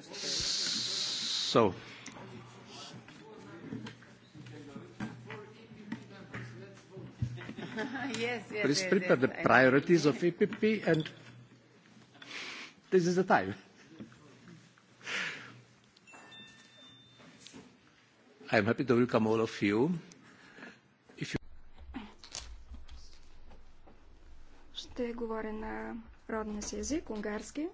So. yes, yes, Please prepare the priorities of EPP, and this is the time. I'm happy to welcome all of you. If you... Ще говоря на родния си език, унгарски.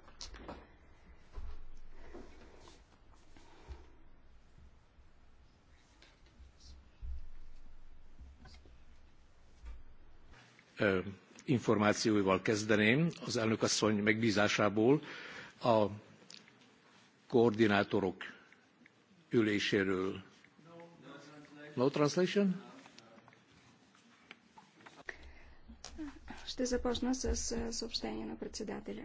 információival kezdeném az elnök asszony megbízásából a koordinátorok üléséről. No translation? Ще започна с съобщение на председателя.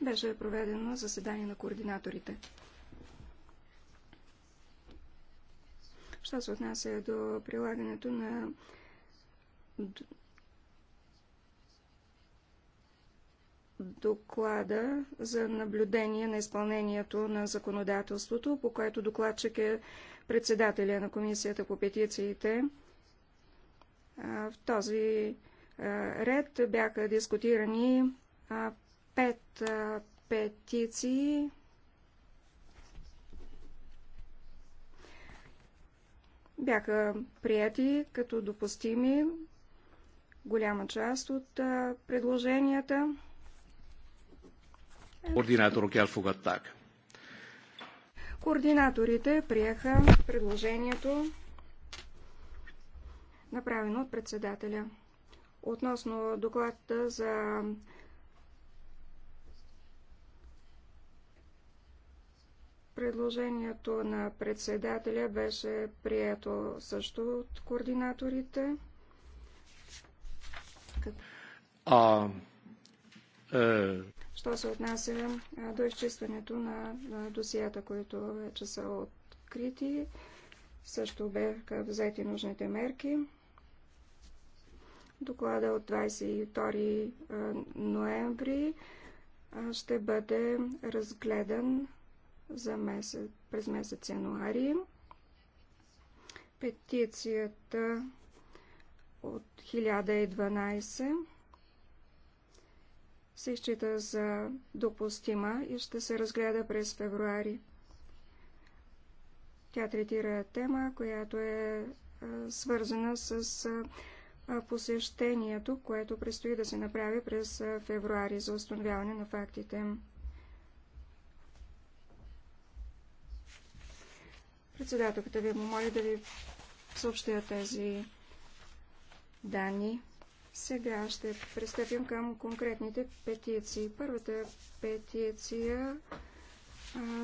Беше проведено заседание на координаторите. Що се отнася до прилагането на доклада за наблюдение на изпълнението на законодателството, по което докладчик е председателя на Комисията по петициите. В този ред бяха дискутирани пет петиции. Бяха прияти като допустими голяма част от предложенията. Координатор Кялфук Координаторите приеха предложението, направено от председателя. Относно доклада за предложението на председателя беше прието също от координаторите. А, е... Що се отнася до изчистването на, досията, които вече са открити, също бяха взети нужните мерки. Доклада от 22 ноември ще бъде разгледан за месец, през месец януари. Петицията от 1012 се изчита за допустима и ще се разгледа през февруари. Тя третира тема, която е, е свързана с е, е, посещението, което предстои да се направи през февруари за установяване на фактите. Председателката ви му моля да ви съобщя тези данни. Сега ще пристъпим към конкретните петиции. Първата петиция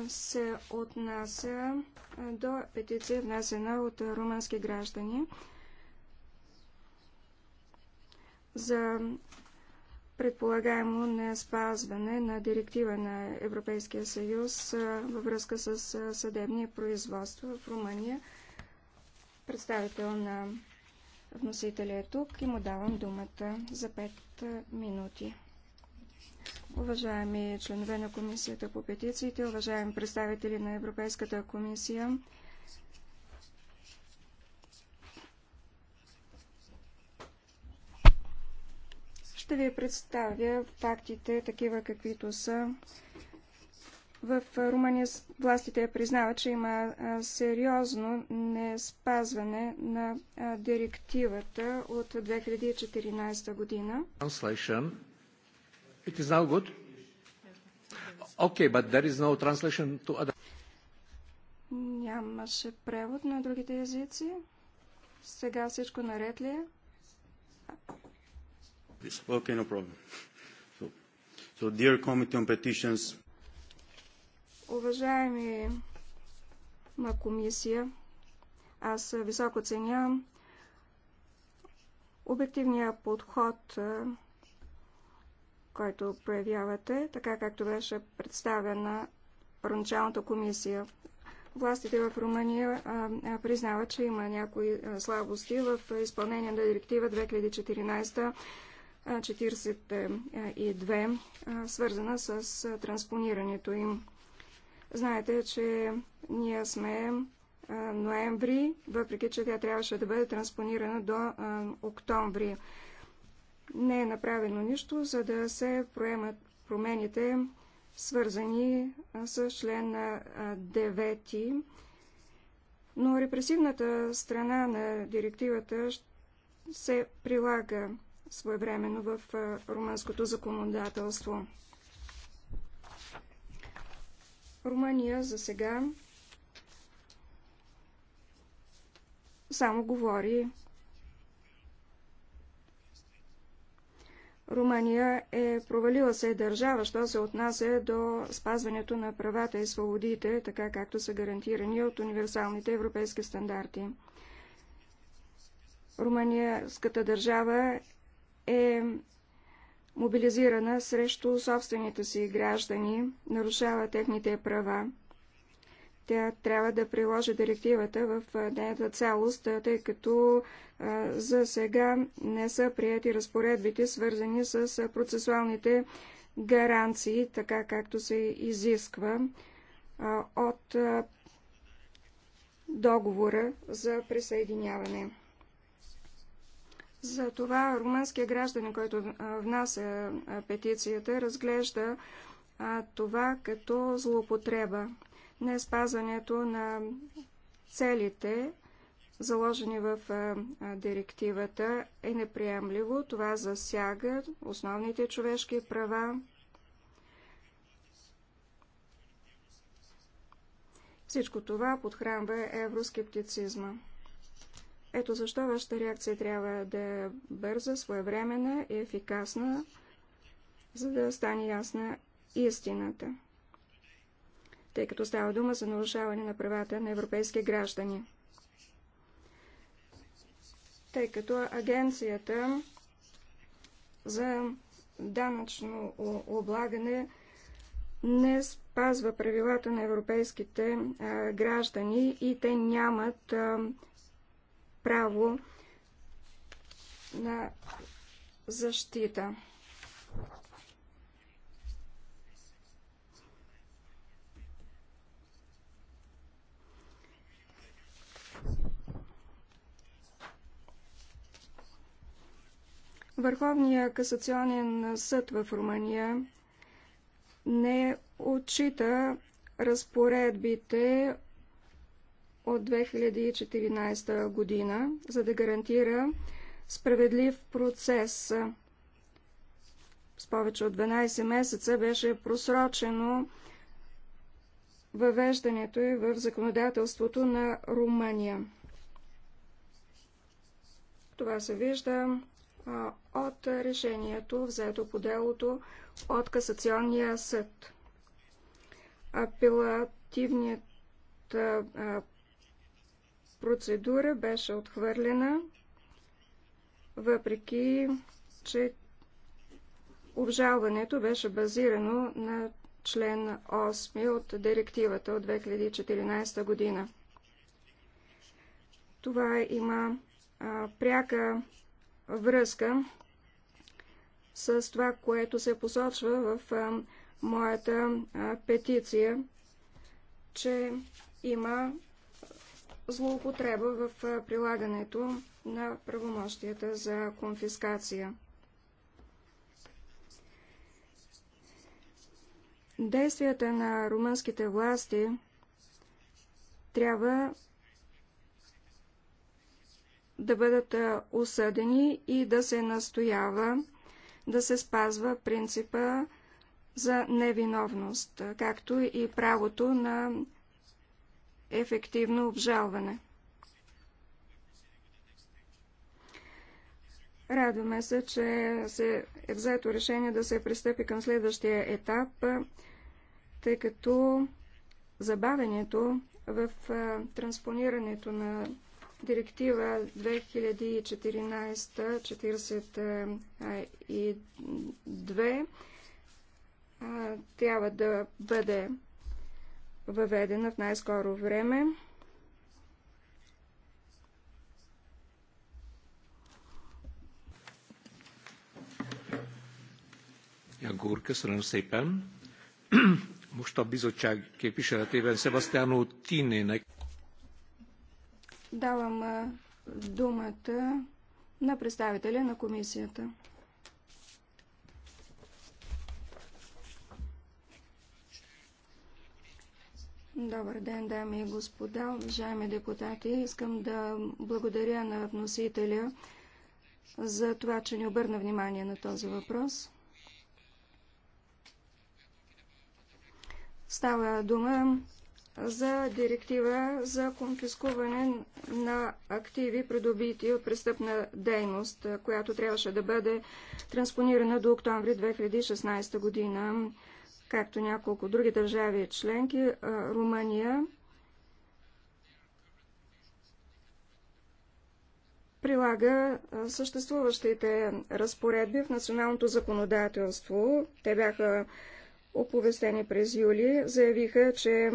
се отнася до петиция, внасена от румънски граждани за предполагаемо не спазване на директива на Европейския съюз във връзка с съдебни производства в Румъния. Представител на Вносителя е тук и му давам думата за 5 минути. Уважаеми членове на Комисията по петициите, уважаеми представители на Европейската комисия, ще ви представя фактите, такива каквито са в Румъния властите признават, че има сериозно не спазване на директивата от 2014 година. Translation. It is now good? Okay, but there is no translation to other... Нямаше превод на другите езици. Сега всичко наред ли е? Okay, no problem. So, so dear Committee on Petitions, Уважаеми на комисия, аз високо ценям обективния подход, който проявявате, така както беше представена първоначалната комисия. Властите в Румъния признават, че има някои слабости в изпълнение на директива 2014 42, свързана с транспонирането им. Знаете, че ние сме ноември, въпреки че тя трябваше да бъде транспонирана до октомври. Не е направено нищо, за да се проемат промените, свързани с член 9. Но репресивната страна на директивата се прилага своевременно в румънското законодателство. Румъния за сега само говори. Румъния е провалила се държава, що се отнася до спазването на правата и свободите, така както са гарантирани от универсалните европейски стандарти. Румънияската държава е мобилизирана срещу собствените си граждани, нарушава техните права. Тя трябва да приложи директивата в нейната цялост, тъй като за сега не са прияти разпоредбите, свързани с процесуалните гаранции, така както се изисква от договора за присъединяване. За това румънския гражданин, който внася петицията, разглежда това като злоупотреба. Не спазването на целите, заложени в директивата, е неприемливо. Това засяга основните човешки права. Всичко това подхранва евроскептицизма. Ето защо вашата реакция трябва да е бърза, своевременна и ефикасна, за да стане ясна истината, тъй като става дума за нарушаване на правата на европейски граждани. Тъй като агенцията за данъчно облагане не спазва правилата на европейските а, граждани и те нямат а, право на защита. Върховният касационен съд в Румъния не отчита разпоредбите от 2014 година, за да гарантира справедлив процес. С повече от 12 месеца беше просрочено въвеждането и в законодателството на Румъния. Това се вижда от решението, взето по делото от касационния съд. Апелативният процедура беше отхвърлена, въпреки че обжалването беше базирано на член 8 от директивата от 2014 година. Това има а, пряка връзка с това, което се посочва в а, моята а, петиция, че има злоупотреба в прилагането на правомощията за конфискация. Действията на румънските власти трябва да бъдат осъдени и да се настоява да се спазва принципа за невиновност, както и правото на ефективно обжалване. Радваме се, че се е взето решение да се пристъпи към следващия етап, тъй като забавенето в транспонирането на директива 2014-42 трябва да бъде въведена в най-скоро време. Ja, Gurke, srnjo sepem. Mošto bi zočak, ki je piše na tebe, Sebastiano Tine. Ne? Давам думата на представителя на комисията. Добър ден, дами и господа, уважаеми депутати. Искам да благодаря на вносителя за това, че ни обърна внимание на този въпрос. Става дума за директива за конфискуване на активи, придобити от престъпна дейност, която трябваше да бъде транспонирана до октомври 2016 година както няколко други държави членки, Румъния прилага съществуващите разпоредби в националното законодателство. Те бяха оповестени през юли, заявиха, че,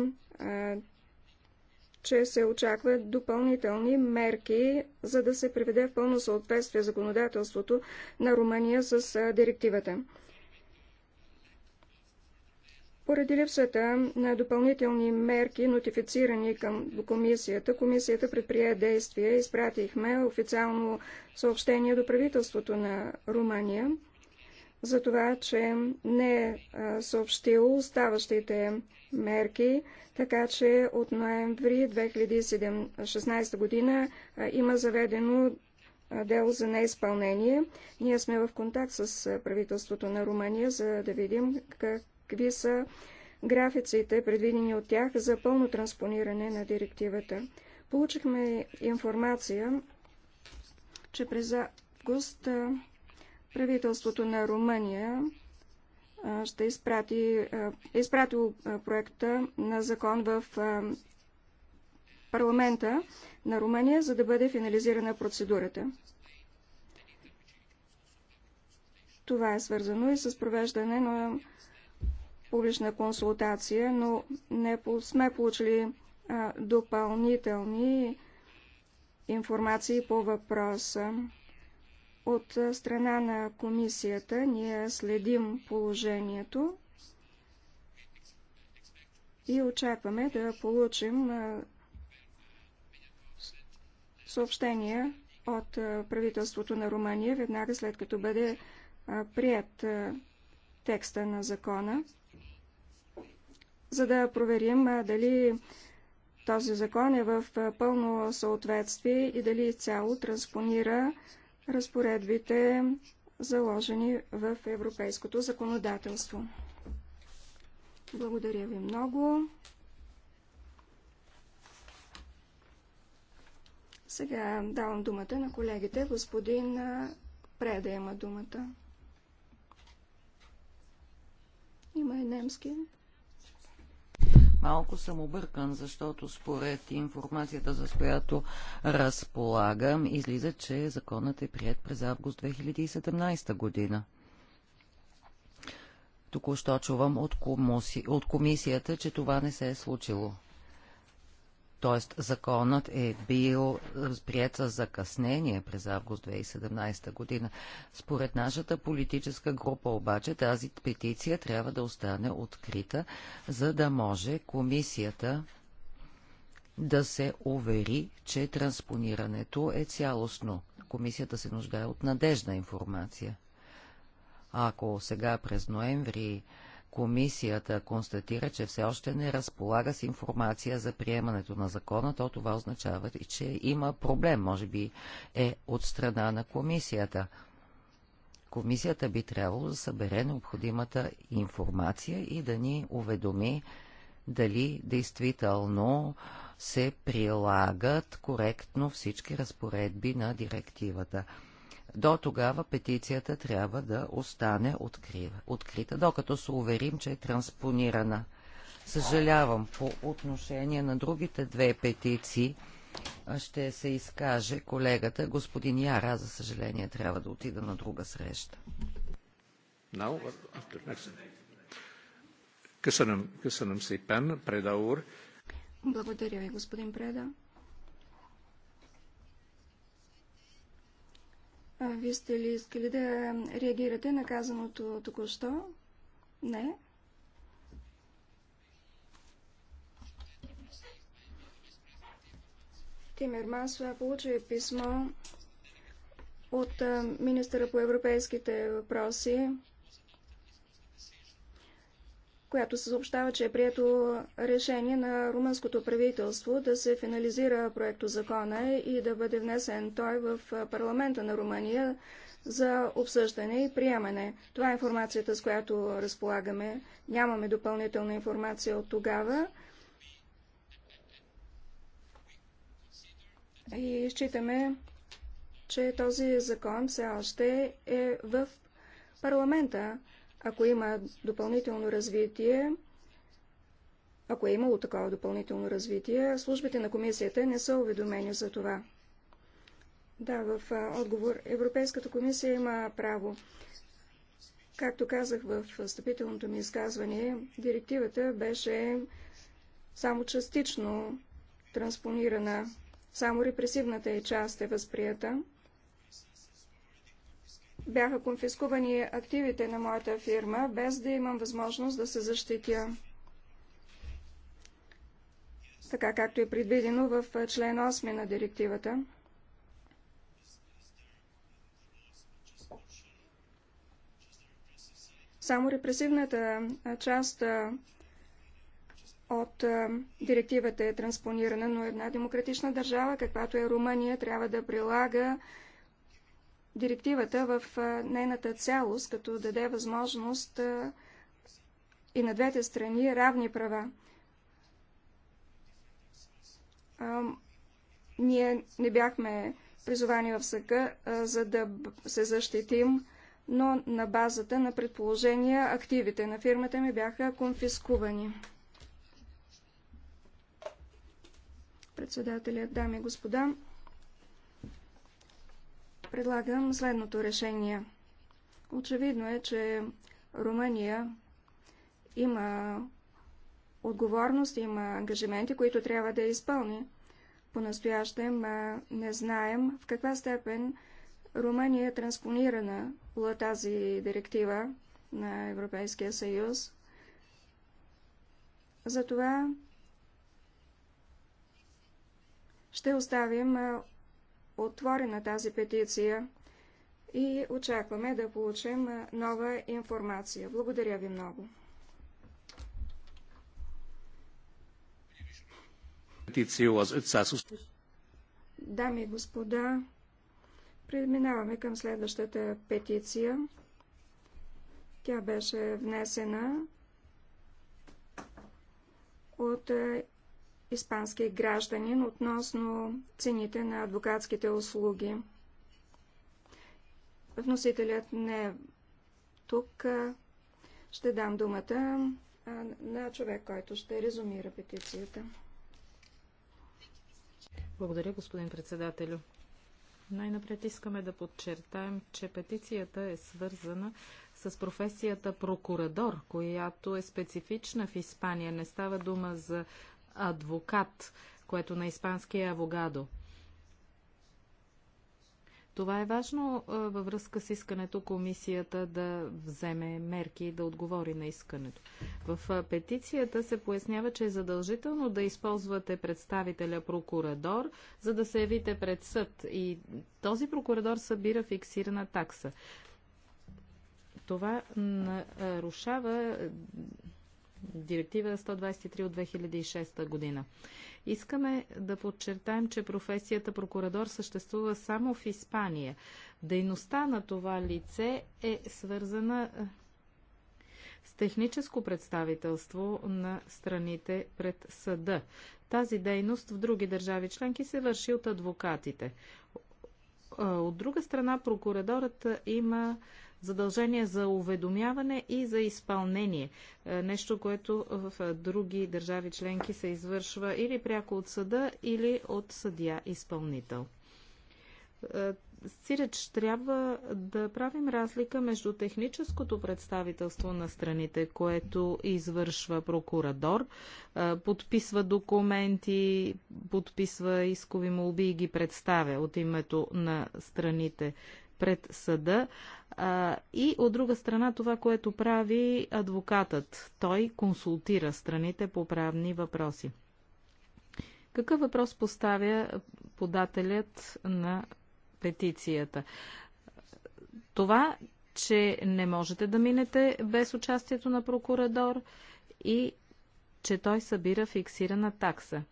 че се очакват допълнителни мерки, за да се приведе в пълно съответствие законодателството на Румъния с директивата. Поради липсата на допълнителни мерки, нотифицирани към комисията, комисията предприе действия. Изпратихме официално съобщение до правителството на Румъния за това, че не е съобщил оставащите мерки, така че от ноември 2016 година има заведено дело за неизпълнение. Ние сме в контакт с правителството на Румъния, за да видим как какви са графиците, предвидени от тях за пълно транспониране на директивата. Получихме информация, че през август правителството на Румъния ще изпрати, е изпратило проекта на закон в парламента на Румъния, за да бъде финализирана процедурата. Това е свързано и с провеждане на публична консултация, но не сме получили а, допълнителни информации по въпроса. От страна на комисията ние следим положението и очакваме да получим съобщение от правителството на Румъния веднага след като бъде прият текста на закона за да проверим дали този закон е в пълно съответствие и дали цяло транспонира разпоредбите, заложени в европейското законодателство. Благодаря ви много. Сега давам думата на колегите. Господин Преда има думата. Има и немски. Малко съм объркан, защото според информацията, за която разполагам, излиза, че законът е прият през август 2017 година. Току-що чувам от, от комисията, че това не се е случило т.е. законът е бил е, прият с закъснение през август 2017 година. Според нашата политическа група обаче тази петиция трябва да остане открита, за да може комисията да се увери, че транспонирането е цялостно. Комисията се нуждае от надежна информация. Ако сега през ноември комисията констатира, че все още не разполага с информация за приемането на закона, то това означава, че има проблем. Може би е от страна на комисията. Комисията би трябвало да събере необходимата информация и да ни уведоми дали действително се прилагат коректно всички разпоредби на директивата. До тогава петицията трябва да остане открита, докато се уверим, че е транспонирана. Съжалявам, по отношение на другите две петиции ще се изкаже колегата. Господин Яра, за съжаление, трябва да отида на друга среща. Благодаря ви, господин Преда. Вие сте ли искали да реагирате на казаното току-що? Не. Масова, получи писмо от министъра по европейските въпроси която се съобщава, че е прието решение на румънското правителство да се финализира проекто закона и да бъде внесен той в парламента на Румъния за обсъждане и приемане. Това е информацията, с която разполагаме. Нямаме допълнителна информация от тогава. И считаме, че този закон все още е в парламента ако има допълнително развитие, ако е имало такова допълнително развитие, службите на комисията не са уведомени за това. Да, в отговор Европейската комисия има право. Както казах в встъпителното ми изказване, директивата беше само частично транспонирана. Само репресивната е част е възприята бяха конфискувани активите на моята фирма, без да имам възможност да се защитя. Така както е предвидено в член 8 на директивата. Само репресивната част от директивата е транспонирана, но една демократична държава, каквато е Румъния, трябва да прилага директивата в нейната цялост, като даде възможност и на двете страни равни права. ние не бяхме призовани в съка, за да се защитим, но на базата на предположения активите на фирмата ми бяха конфискувани. Председателят, дами и господа, Предлагам следното решение. Очевидно е, че Румъния има отговорност, има ангажименти, които трябва да изпълни. По-настоящем не знаем в каква степен Румъния е транспонирана тази директива на Европейския съюз. Затова ще оставим отворена тази петиция и очакваме да получим нова информация. Благодаря ви много. Дами и господа, преминаваме към следващата петиция. Тя беше внесена от испански гражданин относно цените на адвокатските услуги. Вносителят не е тук. Ще дам думата на човек, който ще резумира петицията. Благодаря, господин председателю. Най-напред искаме да подчертаем, че петицията е свързана с професията прокурадор, която е специфична в Испания. Не става дума за адвокат, което на испански е авогадо. Това е важно във връзка с искането комисията да вземе мерки и да отговори на искането. В петицията се пояснява, че е задължително да използвате представителя прокурадор, за да се явите пред съд. И този прокурадор събира фиксирана такса. Това нарушава Директива 123 от 2006 година. Искаме да подчертаем, че професията прокурадор съществува само в Испания. Дейността на това лице е свързана е, с техническо представителство на страните пред съда. Тази дейност в други държави членки се върши от адвокатите. От друга страна, прокурадорът има задължение за уведомяване и за изпълнение. Е, нещо, което в е, други държави членки се извършва или пряко от съда, или от съдия-изпълнител. Е, Сиреч трябва да правим разлика между техническото представителство на страните, което извършва прокурадор, подписва документи, подписва искови молби и ги представя от името на страните пред съда, а, и от друга страна това, което прави адвокатът. Той консултира страните по правни въпроси. Какъв въпрос поставя подателят на петицията? Това, че не можете да минете без участието на прокурадор и че той събира фиксирана такса.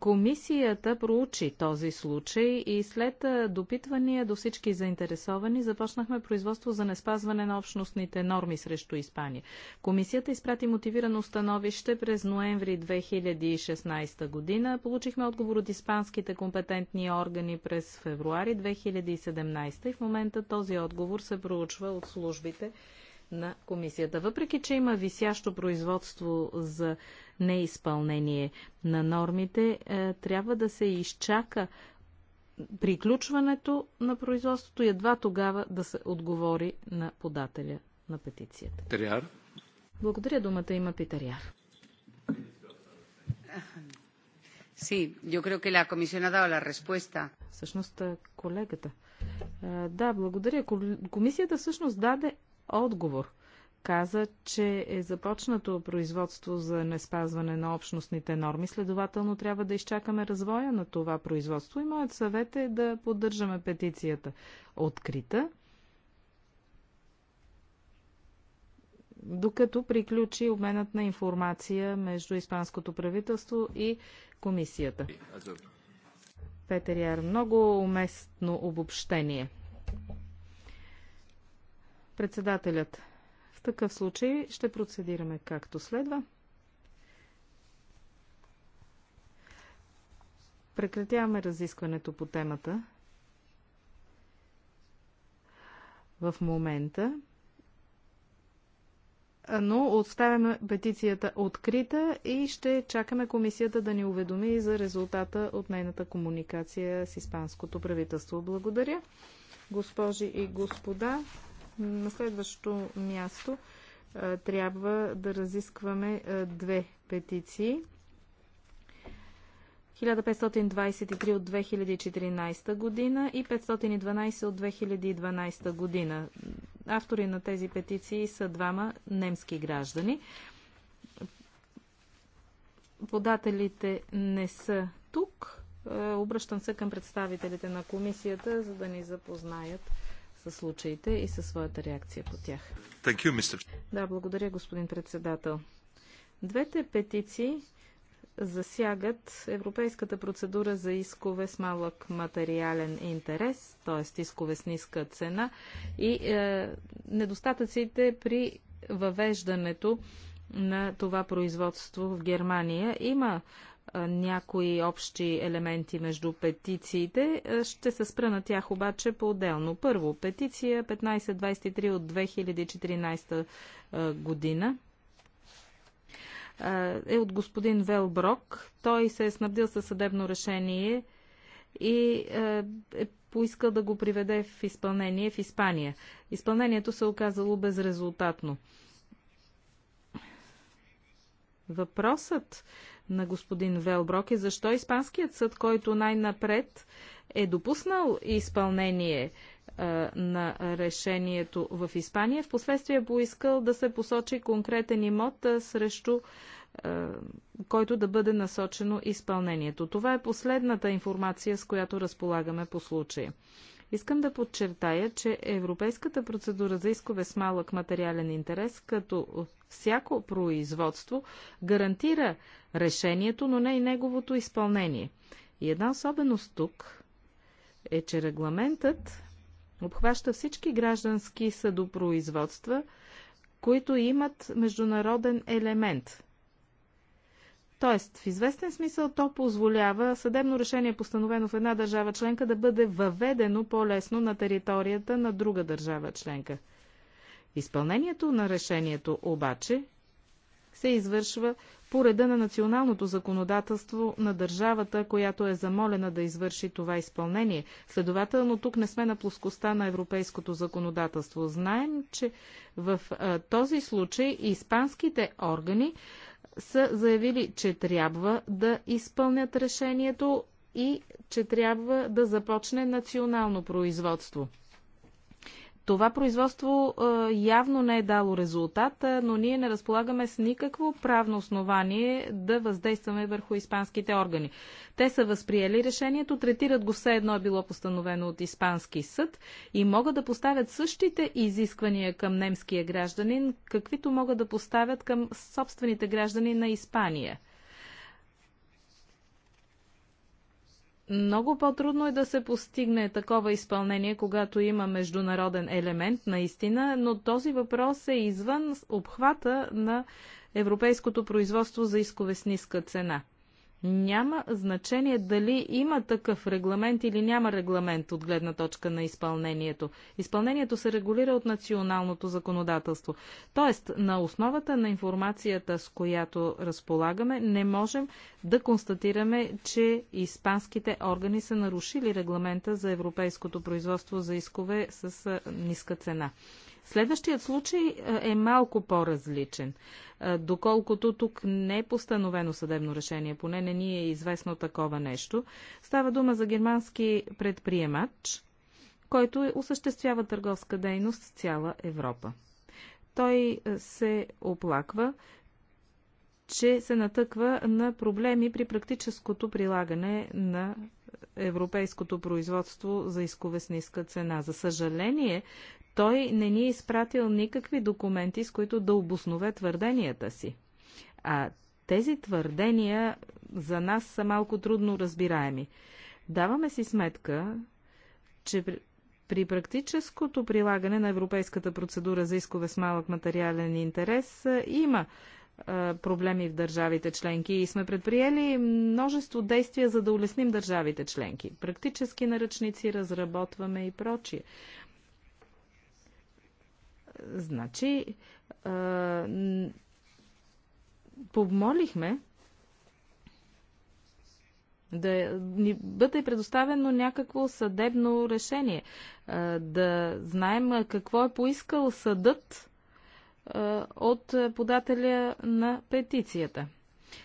Комисията проучи този случай и след допитвания до всички заинтересовани започнахме производство за неспазване на общностните норми срещу Испания. Комисията изпрати мотивирано становище през ноември 2016 година. Получихме отговор от испанските компетентни органи през февруари 2017 и в момента този отговор се проучва от службите на комисията. Въпреки, че има висящо производство за неизпълнение на нормите, е, трябва да се изчака приключването на производството и едва тогава да се отговори на подателя на петицията. Питер Благодаря, думата има Питер Яр. Sí, yo creo que la comisión ha dado la respuesta. Всъщност, е, колегата. Е, да, благодаря. Комисията всъщност даде отговор. Каза, че е започнато производство за неспазване на общностните норми, следователно трябва да изчакаме развоя на това производство и моят съвет е да поддържаме петицията открита, докато приключи обменът на информация между Испанското правителство и комисията. Петър Яр, много уместно обобщение. Председателят. В такъв случай ще процедираме както следва. Прекратяваме разискването по темата. В момента но оставяме петицията открита и ще чакаме комисията да ни уведоми за резултата от нейната комуникация с испанското правителство. Благодаря, госпожи и господа. На следващото място трябва да разискваме две петиции. 1523 от 2014 година и 512 от 2012 година. Автори на тези петиции са двама немски граждани. Подателите не са тук. Обръщам се към представителите на комисията, за да ни запознаят с случаите и със своята реакция по тях. Thank you, Mr. Да, благодаря, господин председател. Двете петиции засягат европейската процедура за искове с малък материален интерес, т.е. искове с ниска цена и е, недостатъците при въвеждането на това производство в Германия. Има някои общи елементи между петициите. Ще се спра на тях обаче по-отделно. Първо, петиция 1523 от 2014 година е от господин Велброк. Той се е снабдил със съдебно решение и е поискал да го приведе в изпълнение в Испания. Изпълнението се е оказало безрезултатно. Въпросът на господин Велброк е защо Испанският съд, който най-напред е допуснал изпълнение е, на решението в Испания. в последствие поискал да се посочи конкретен имот е, срещу е, който да бъде насочено изпълнението. Това е последната информация, с която разполагаме по случая. Искам да подчертая, че европейската процедура за искове с малък материален интерес, като всяко производство, гарантира решението, но не и неговото изпълнение. И една особеност тук е, че регламентът обхваща всички граждански съдопроизводства, които имат международен елемент – Тоест, в известен смисъл то позволява съдебно решение, постановено в една държава членка, да бъде въведено по-лесно на територията на друга държава членка. Изпълнението на решението обаче се извършва по реда на националното законодателство на държавата, която е замолена да извърши това изпълнение. Следователно, тук не сме на плоскостта на европейското законодателство. Знаем, че в а, този случай испанските органи са заявили, че трябва да изпълнят решението и че трябва да започне национално производство. Това производство явно не е дало резултат, но ние не разполагаме с никакво правно основание да въздействаме върху испанските органи. Те са възприели решението, третират го все едно е било постановено от испански съд и могат да поставят същите изисквания към немския гражданин, каквито могат да поставят към собствените граждани на Испания – Много по-трудно е да се постигне такова изпълнение, когато има международен елемент, наистина, но този въпрос е извън обхвата на европейското производство за искове с ниска цена. Няма значение дали има такъв регламент или няма регламент от гледна точка на изпълнението. Изпълнението се регулира от националното законодателство. Тоест, на основата на информацията, с която разполагаме, не можем да констатираме, че испанските органи са нарушили регламента за европейското производство за искове с ниска цена. Следващият случай е, е малко по-различен. Е, доколкото тук не е постановено съдебно решение, поне не ни е известно такова нещо. Става дума за германски предприемач, който е- осъществява търговска дейност с цяла Европа. Той се оплаква, че се натъква на проблеми при практическото прилагане на европейското производство за изкове с ниска цена. За съжаление, той не ни е изпратил никакви документи, с които да обоснове твърденията си. А тези твърдения за нас са малко трудно разбираеми. Даваме си сметка, че при практическото прилагане на европейската процедура за искове с малък материален интерес има проблеми в държавите членки и сме предприели множество действия за да улесним държавите членки. Практически наръчници разработваме и прочие. Значи, помолихме да ни бъде предоставено някакво съдебно решение, да знаем какво е поискал съдът от подателя на петицията.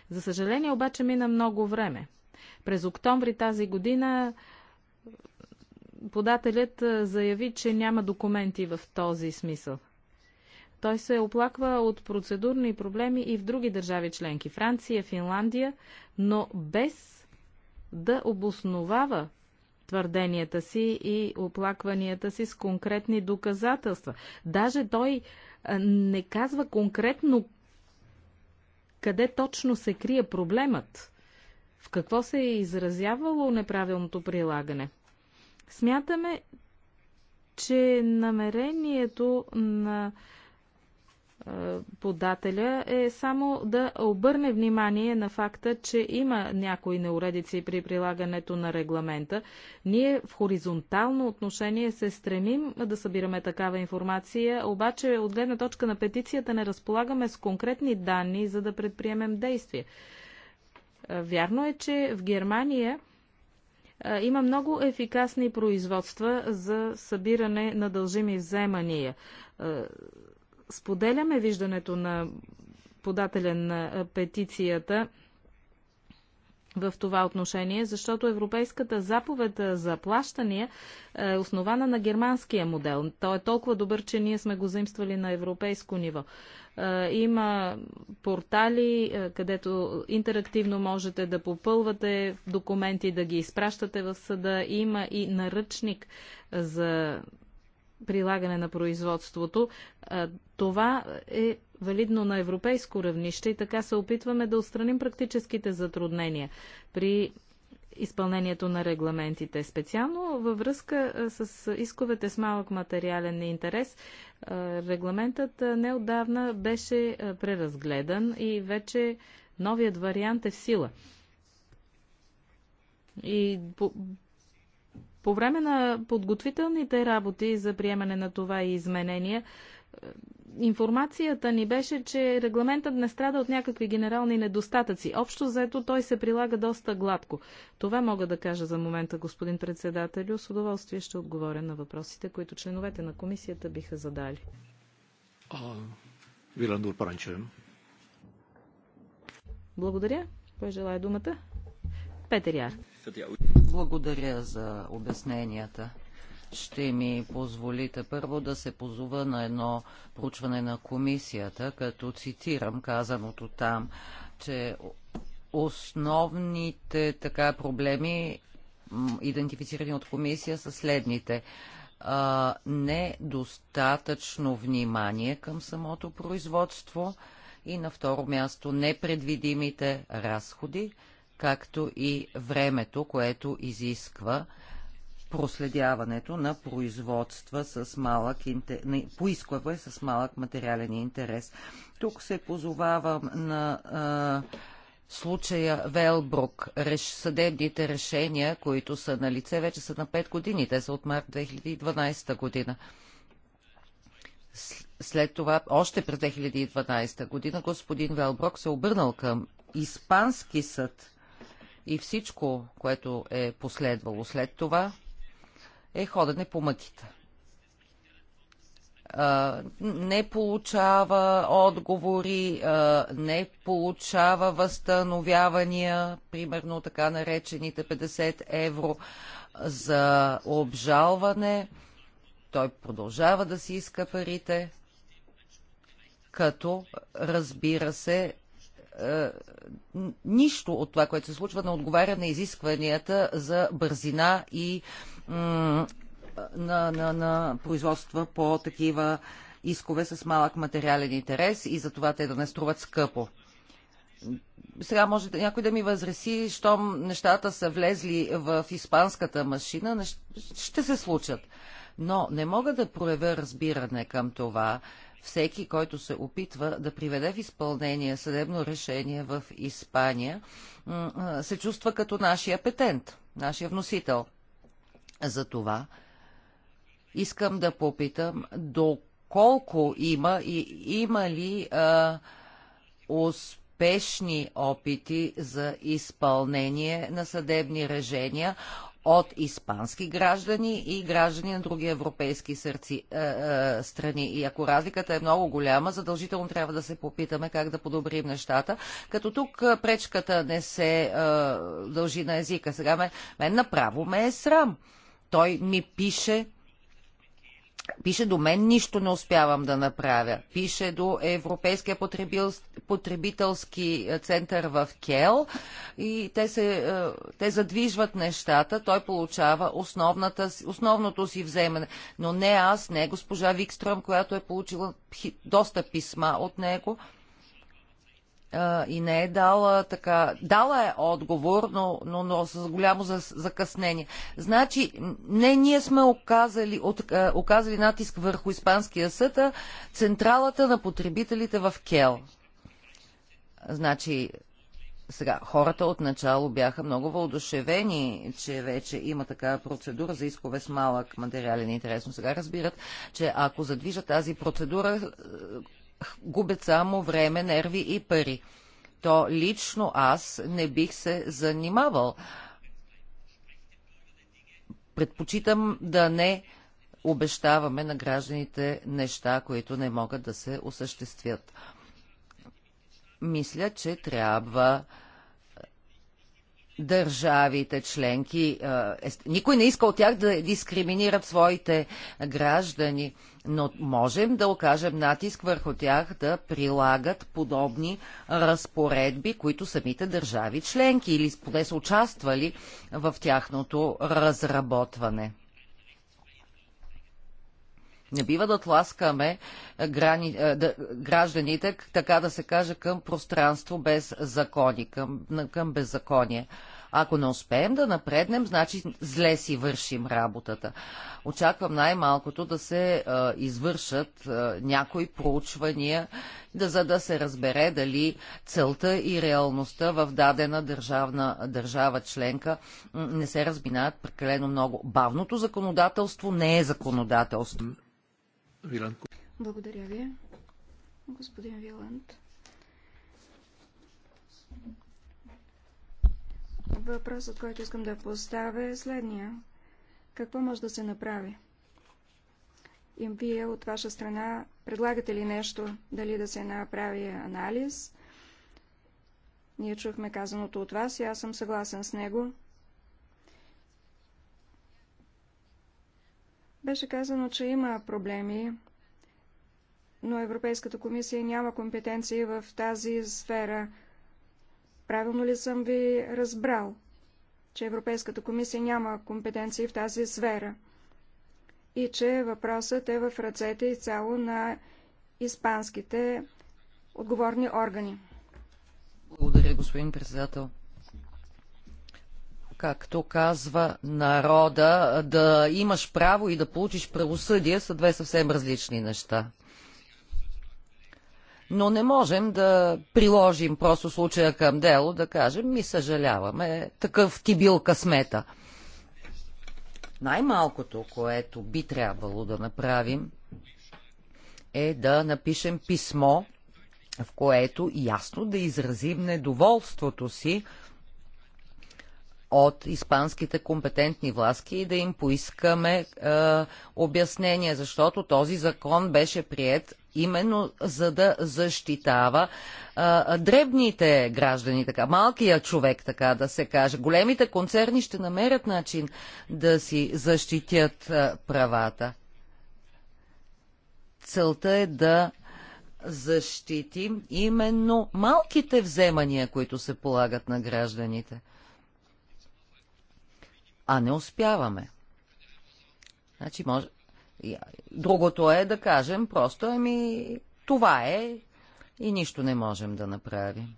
За съжаление обаче мина много време. През октомври тази година подателят заяви, че няма документи в този смисъл. Той се оплаква от процедурни проблеми и в други държави членки Франция, Финландия, но без да обосновава твърденията си и оплакванията си с конкретни доказателства. Даже той не казва конкретно къде точно се крие проблемът, в какво се е изразявало неправилното прилагане. Смятаме, че намерението на подателя е само да обърне внимание на факта, че има някои неуредици при прилагането на регламента. Ние в хоризонтално отношение се стремим да събираме такава информация, обаче от гледна точка на петицията не разполагаме с конкретни данни, за да предприемем действия. Вярно е, че в Германия – има много ефикасни производства за събиране на дължими вземания. Споделяме виждането на подателя на петицията в това отношение, защото Европейската заповед за плащания е основана на германския модел. Той е толкова добър, че ние сме го заимствали на европейско ниво. Е, има портали, е, където интерактивно можете да попълвате документи, да ги изпращате в съда. Има и наръчник за прилагане на производството. Е, това е валидно на европейско равнище и така се опитваме да устраним практическите затруднения при изпълнението на регламентите. Специално във връзка с исковете с малък материален интерес, регламентът неодавна беше преразгледан и вече новият вариант е в сила. И по, по време на подготвителните работи за приемане на това и изменения, информацията ни беше, че регламентът не страда от някакви генерални недостатъци. Общо заето той се прилага доста гладко. Това мога да кажа за момента, господин председателю. С удоволствие ще отговоря на въпросите, които членовете на комисията биха задали. Виландор Пранчев. Благодаря. Кой желая думата? Петър Яр. Благодаря за обясненията ще ми позволите първо да се позова на едно проучване на комисията, като цитирам казаното там, че основните така проблеми, идентифицирани от комисия, са следните а, недостатъчно внимание към самото производство и на второ място непредвидимите разходи, както и времето, което изисква проследяването на производства с малък, поискове с малък материален интерес. Тук се позовавам на а, случая Велбрук. Реш, съдебните решения, които са на лице, вече са на 5 години. Те са от март 2012 година. След това, още през 2012 година, господин Велброк се е обърнал към Испански съд и всичко, което е последвало след това, е ходене по мъките. Не получава отговори, не получава възстановявания, примерно така наречените 50 евро за обжалване. Той продължава да си иска парите, като, разбира се, нищо от това, което се случва, не отговаря на изискванията за бързина и на, на, на производства по такива искове с малък материален интерес и за това те да не струват скъпо. Сега може някой да ми възреси, щом нещата са влезли в испанската машина, нещ... ще се случат. Но не мога да проявя разбиране към това. Всеки, който се опитва да приведе в изпълнение съдебно решение в Испания, се чувства като нашия петент, нашия вносител – затова искам да попитам доколко има и има ли а, успешни опити за изпълнение на съдебни решения от испански граждани и граждани на други европейски сърци, е, е, страни. И ако разликата е много голяма, задължително трябва да се попитаме как да подобрим нещата. Като тук пречката не се е, дължи на езика. Сега мен, мен направо ме е срам. Той ми пише, пише до мен, нищо не успявам да направя. Пише до Европейския потребил, потребителски е, център в Кел и те, се, е, те задвижват нещата. Той получава основната, основното си вземане. Но не аз, не госпожа Викстром, която е получила доста писма от него и не е дала така. Дала е отговор, но, но, но с голямо закъснение. Значи, не ние сме оказали, от, оказали натиск върху Испанския съд, а централата на потребителите в Кел. Значи, сега, хората отначало бяха много въодушевени, че вече има такава процедура за искове с малък материален интерес, но сега разбират, че ако задвижат тази процедура, губят само време, нерви и пари. То лично аз не бих се занимавал. Предпочитам да не обещаваме на гражданите неща, които не могат да се осъществят. Мисля, че трябва държавите членки. Е, никой не иска от тях да дискриминират своите граждани, но можем да окажем натиск върху тях да прилагат подобни разпоредби, които самите държави членки или поне са участвали в тяхното разработване. Не бива да тласкаме грани, да, гражданите, така да се каже, към пространство без закони, към, към беззаконие. Ако не успеем да напреднем, значи зле си вършим работата. Очаквам най-малкото да се а, извършат а, някои проучвания, да, за да се разбере дали целта и реалността в дадена държавна, държава членка не се разбинаят прекалено много. Бавното законодателство не е законодателство. Благодаря ви. Господин Виланд. Въпросът, който искам да поставя е следния. Какво може да се направи? И вие от ваша страна предлагате ли нещо? Дали да се направи анализ? Ние чухме казаното от вас и аз съм съгласен с него. Беше казано, че има проблеми, но Европейската комисия няма компетенции в тази сфера – Правилно ли съм ви разбрал, че Европейската комисия няма компетенции в тази сфера и че въпросът е в ръцете изцяло на испанските отговорни органи? Благодаря, господин председател както казва народа, да имаш право и да получиш правосъдие са две съвсем различни неща. Но не можем да приложим просто случая към дело, да кажем, ми съжаляваме, такъв ти бил късмета. Най-малкото, което би трябвало да направим, е да напишем писмо, в което ясно да изразим недоволството си от испанските компетентни власти и да им поискаме е, обяснение, защото този закон беше прият именно за да защитава а, дребните граждани, така, малкия човек, така да се каже. Големите концерни ще намерят начин да си защитят а, правата. Целта е да защитим именно малките вземания, които се полагат на гражданите. А не успяваме. Значи може, Другото е да кажем просто, ами това е и нищо не можем да направим.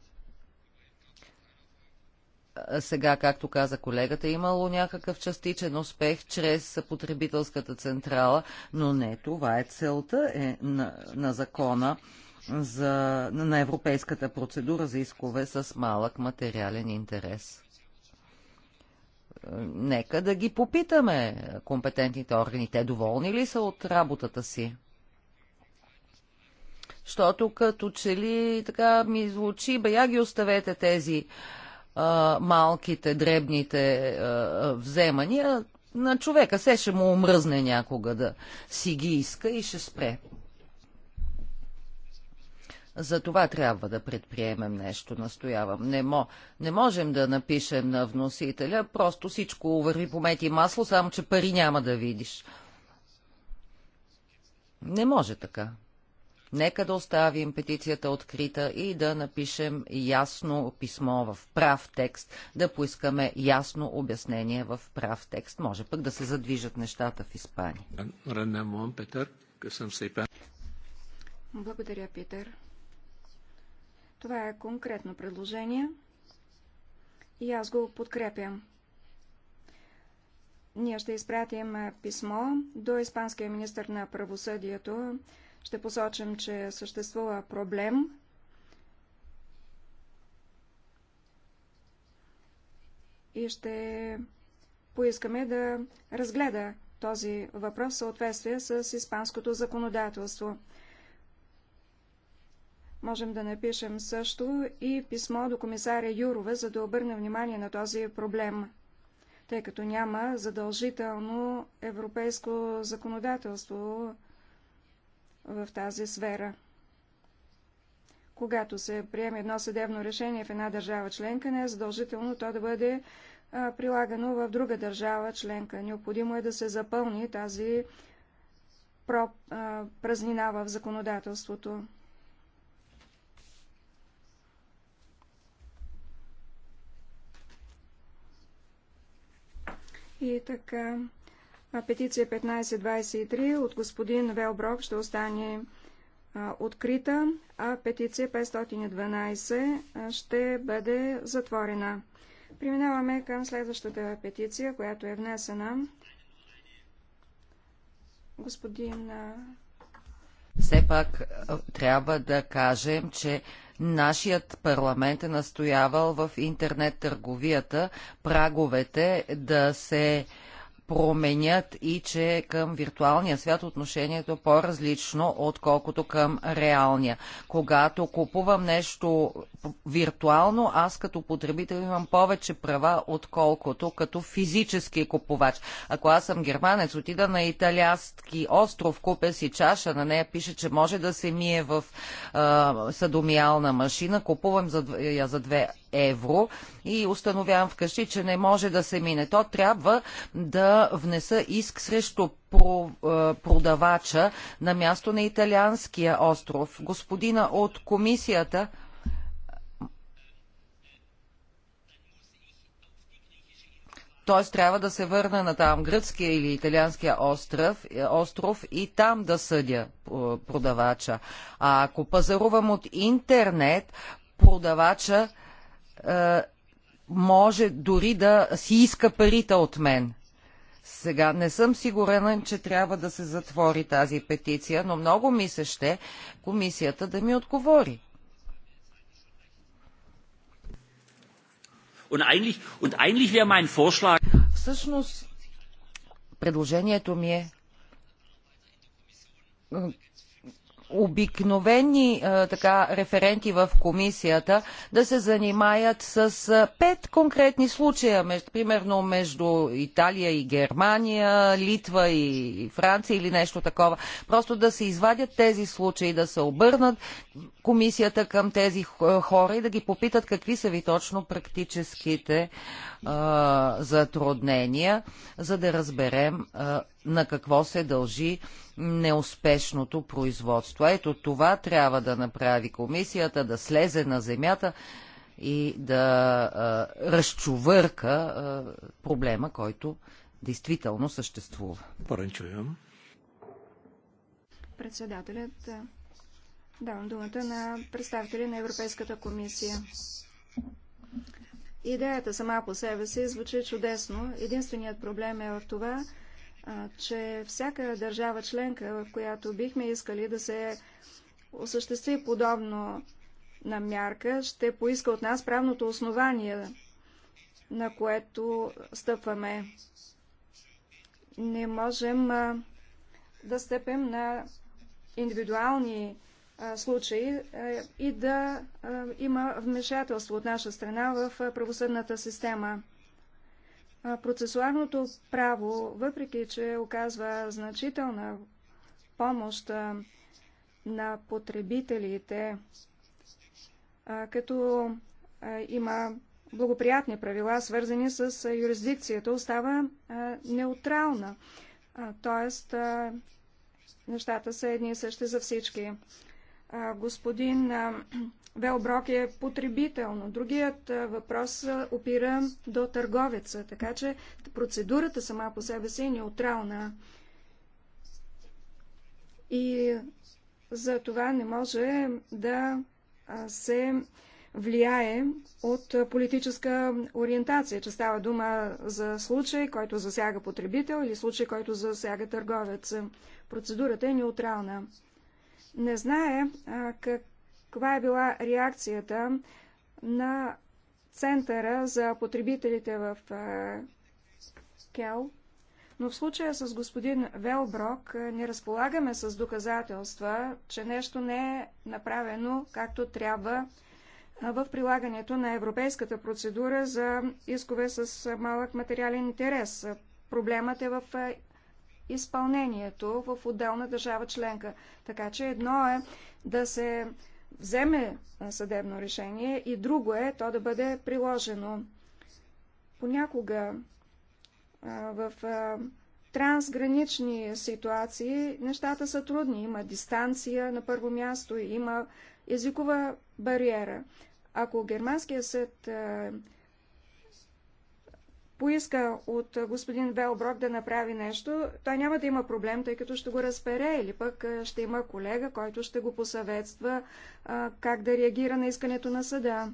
Сега, както каза колегата, имало някакъв частичен успех чрез потребителската централа, но не това е целта е на, на закона за, на европейската процедура за искове с малък материален интерес нека да ги попитаме компетентните органи. Те доволни ли са от работата си? Защото като че ли така ми звучи, бе я ги оставете тези а, малките, дребните а, вземания. На човека се ще му омръзне някога да си ги иска и ще спре. За това трябва да предприемем нещо, настоявам. Не, мо, не можем да напишем на вносителя, просто всичко върви по мети и масло, само че пари няма да видиш. Не може така. Нека да оставим петицията открита и да напишем ясно писмо в прав текст, да поискаме ясно обяснение в прав текст. Може пък да се задвижат нещата в Испания. Благодаря, Питър. Това е конкретно предложение и аз го подкрепям. Ние ще изпратим писмо до испанския министр на правосъдието. Ще посочим, че съществува проблем. И ще поискаме да разгледа този въпрос в съответствие с испанското законодателство. Можем да напишем също и писмо до комисаря Юрова, за да обърне внимание на този проблем, тъй като няма задължително европейско законодателство в тази сфера. Когато се приеме едно съдебно решение в една държава членка, не е задължително то да бъде прилагано в друга държава членка. Необходимо е да се запълни тази празнина в законодателството. И така, петиция 1523 от господин Велброк ще остане открита, а петиция 512 ще бъде затворена. Преминаваме към следващата петиция, която е внесена. Господин все пак е, трябва да кажем, че нашият парламент е настоявал в интернет търговията праговете да се променят и че към виртуалния свят отношението е по-различно, отколкото към реалния. Когато купувам нещо виртуално, аз като потребител имам повече права, отколкото като физически купувач. Ако аз съм германец, отида на италиански остров, купя си чаша, на нея пише, че може да се мие в а, съдомиална машина, купувам за, я за евро и установявам вкъщи, че не може да се мине. То трябва да внеса иск срещу е, продавача на място на италианския остров. Господина от комисията т.е. трябва да се върна на там гръцкия или италианския остров, е, остров и там да съдя е, продавача. А ако пазарувам от интернет, продавача е, може дори да си иска парите от мен. Сега не съм сигурен, че трябва да се затвори тази петиция, но много ми се ще комисията да ми отговори. Всъщност, предложението ми е обикновени е, така, референти в комисията да се занимаят с е, пет конкретни случая, между, примерно между Италия и Германия, Литва и Франция или нещо такова. Просто да се извадят тези случаи, да се обърнат комисията към тези е, хора и да ги попитат какви са ви точно практическите а, затруднения, за да разберем а, на какво се дължи неуспешното производство. Ето това трябва да направи комисията, да слезе на земята и да а, разчувърка а, проблема, който действително съществува. Паренчуем. Председателят давам думата на представители на Европейската комисия. Идеята сама по себе си звучи чудесно. Единственият проблем е в това, че всяка държава членка, в която бихме искали да се осъществи подобно на мярка, ще поиска от нас правното основание, на което стъпваме. Не можем да стъпим на индивидуални случаи и да има вмешателство от наша страна в правосъдната система. Процесуалното право, въпреки че оказва значителна помощ на потребителите, като има благоприятни правила, свързани с юрисдикцията, остава неутрална. Тоест, нещата са едни и същи за всички. Господин Белброк е потребително. Другият въпрос опира до търговеца, така че процедурата сама по себе си е неутрална. И за това не може да се влияе от политическа ориентация, че става дума за случай, който засяга потребител или случай, който засяга търговец. Процедурата е неутрална. Не знае как каква е била реакцията на Центъра за потребителите в Кел? Но в случая с господин Велброк не разполагаме с доказателства, че нещо не е направено както трябва в прилагането на европейската процедура за искове с малък материален интерес. Проблемът е в изпълнението в отделна държава членка. Така че едно е да се вземе съдебно решение и друго е то да бъде приложено. Понякога в трансгранични ситуации нещата са трудни. Има дистанция на първо място, има езикова бариера. Ако германският съд поиска от господин Белброк да направи нещо, той няма да има проблем, тъй като ще го разпере или пък ще има колега, който ще го посъветства как да реагира на искането на съда.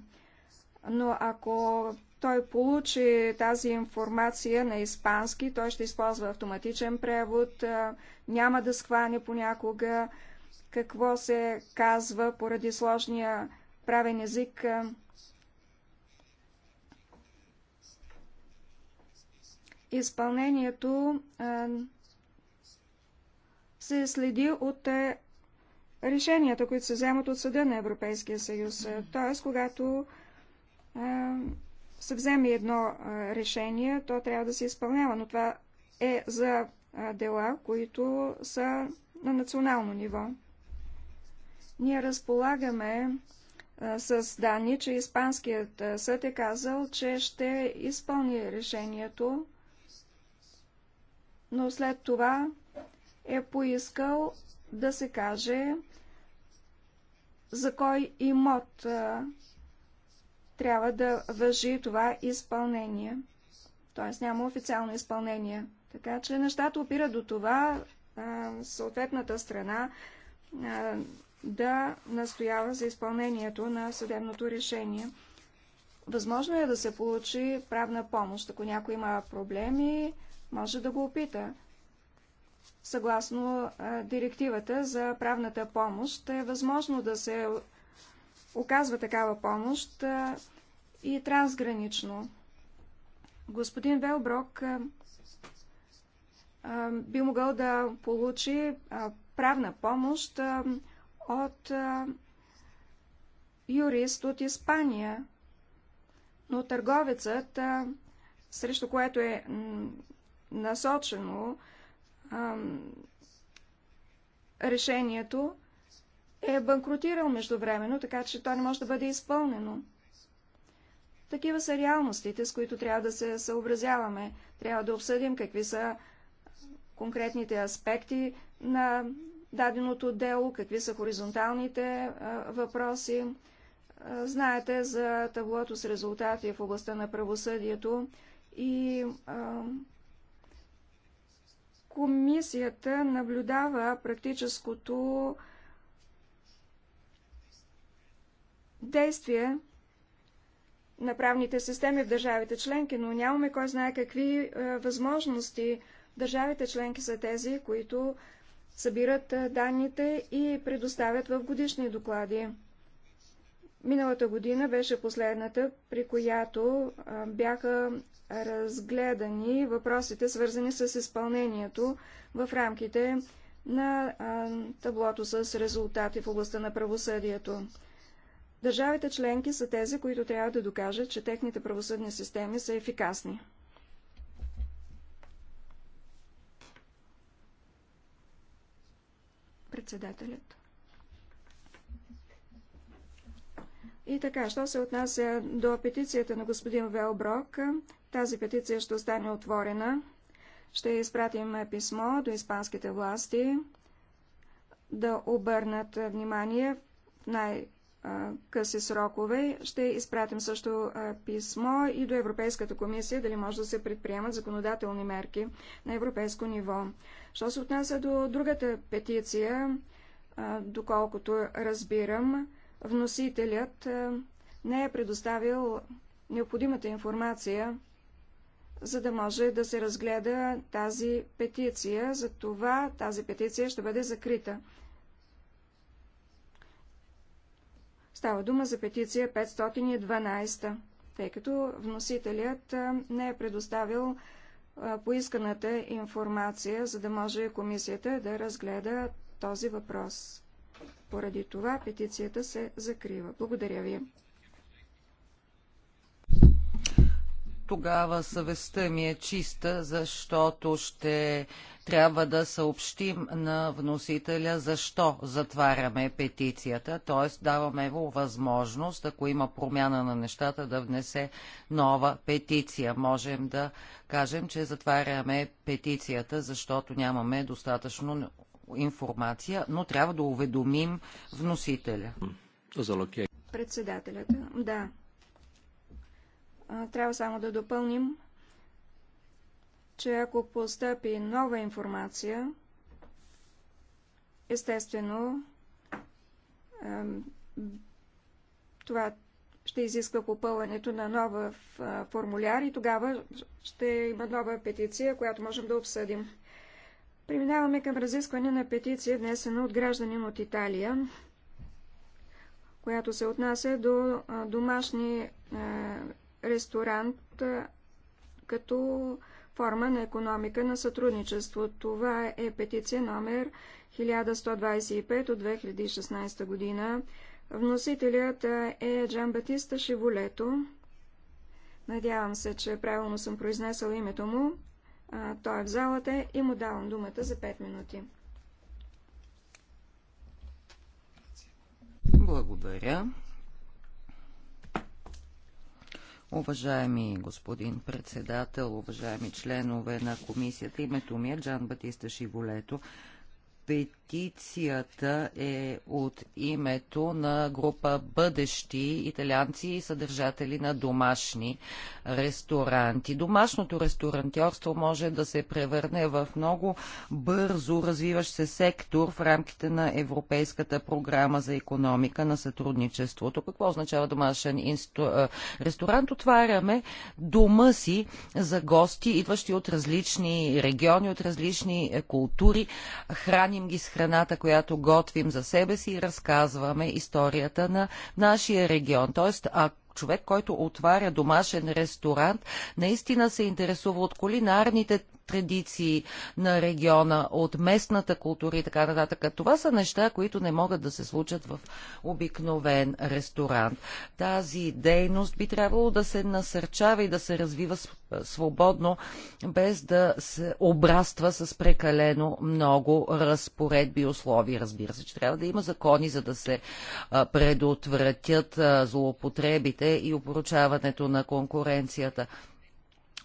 Но ако той получи тази информация на испански, той ще използва автоматичен превод, няма да схване понякога какво се казва поради сложния правен език. изпълнението се следи от е, решенията, които се вземат от Съда на Европейския съюз. Т.е. когато се вземе едно решение, то трябва да се изпълнява, но това е за дела, които са на национално ниво. Ние разполагаме с данни, че Испанският съд е казал, че ще изпълни решението но след това е поискал да се каже за кой имот трябва да въжи това изпълнение. Т.е. няма официално изпълнение. Така че нещата опират до това а, съответната страна а, да настоява за изпълнението на съдебното решение. Възможно е да се получи правна помощ, ако някой има проблеми, може да го опита. Съгласно а, директивата за правната помощ е възможно да се оказва такава помощ а, и трансгранично. Господин Велброк а, би могъл да получи правна помощ от юрист от Испания, но търговецът, срещу което е насочено ам, решението е банкротирал междувременно, така че то не може да бъде изпълнено. Такива са реалностите, с които трябва да се съобразяваме. Трябва да обсъдим какви са конкретните аспекти на даденото дело, какви са хоризонталните а, въпроси. А, знаете за таблото с резултати в областта на правосъдието и а, Комисията наблюдава практическото действие на правните системи в държавите членки, но нямаме кой знае какви е, възможности. Държавите членки са тези, които събират е, данните и предоставят в годишни доклади. Миналата година беше последната, при която е, бяха разгледани въпросите, свързани с изпълнението в рамките на таблото с резултати в областта на правосъдието. Държавите членки са тези, които трябва да докажат, че техните правосъдни системи са ефикасни. Председателят. И така, що се отнася до петицията на господин Велброк, тази петиция ще остане отворена. Ще изпратим писмо до испанските власти да обърнат внимание в най-къси срокове. Ще изпратим също писмо и до Европейската комисия, дали може да се предприемат законодателни мерки на европейско ниво. Що се отнася до другата петиция, доколкото разбирам, вносителят не е предоставил необходимата информация за да може да се разгледа тази петиция. За това тази петиция ще бъде закрита. Става дума за петиция 512, тъй като вносителят не е предоставил поисканата информация, за да може комисията да разгледа този въпрос. Поради това петицията се закрива. Благодаря ви. тогава съвестта ми е чиста, защото ще трябва да съобщим на вносителя защо затваряме петицията, т.е. даваме му възможност, ако има промяна на нещата, да внесе нова петиция. Можем да кажем, че затваряме петицията, защото нямаме достатъчно информация, но трябва да уведомим вносителя. Председателята, да, трябва само да допълним, че ако постъпи нова информация, естествено, това ще изисква попълването на нова формуляр и тогава ще има нова петиция, която можем да обсъдим. Преминаваме към разискване на петиция, внесена от гражданин от Италия, която се отнася до домашни ресторант като форма на економика на сътрудничество. Това е петиция номер 1125 от 2016 година. Вносителят е Джан Батиста Шиволето. Надявам се, че правилно съм произнесъл името му. той е в залата и му давам думата за 5 минути. Благодаря. Уважаеми господин председател, уважаеми членове на комисията, името ми е Джан Батиста Шиволето. Петицията е от името на група бъдещи италианци и съдържатели на домашни ресторанти. Домашното ресторантьорство може да се превърне в много бързо развиващ се сектор в рамките на Европейската програма за економика на сътрудничеството. Какво означава домашен инсту... ресторант? Отваряме дома си за гости, идващи от различни региони, от различни е, култури. Храним ги с храната, която готвим за себе си и разказваме историята на нашия регион. Тоест, ако човек, който отваря домашен ресторант, наистина се интересува от кулинарните традиции на региона, от местната култура и така нататък. Това са неща, които не могат да се случат в обикновен ресторант. Тази дейност би трябвало да се насърчава и да се развива свободно, без да се обраства с прекалено много разпоредби и условия. Разбира се, че трябва да има закони, за да се предотвратят злоупотребите и опоручаването на конкуренцията.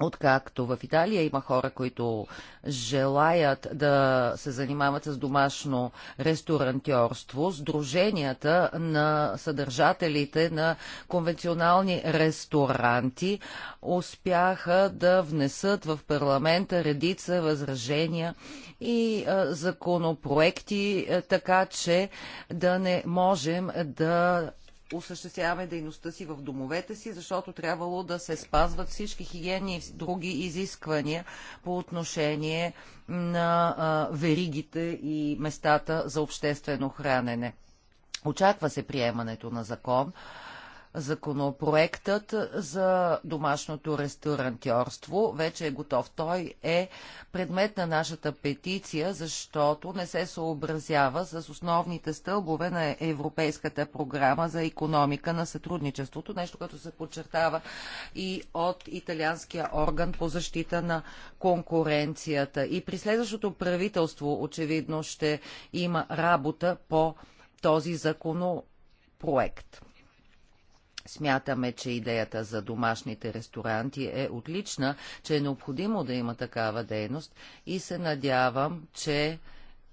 Откакто в Италия има хора, които желаят да се занимават с домашно ресторантьорство, сдруженията на съдържателите на конвенционални ресторанти успяха да внесат в парламента редица възражения и законопроекти, така че да не можем да осъществяваме дейността си в домовете си, защото трябвало да се спазват всички хигиени и други изисквания по отношение на а, веригите и местата за обществено хранене. Очаква се приемането на закон, Законопроектът за домашното ресторантьорство вече е готов. Той е предмет на нашата петиция, защото не се съобразява с основните стълбове на Европейската програма за економика на сътрудничеството, нещо, което се подчертава и от италианския орган по защита на конкуренцията. И при следващото правителство очевидно ще има работа по този законопроект. Смятаме, че идеята за домашните ресторанти е отлична, че е необходимо да има такава дейност и се надявам, че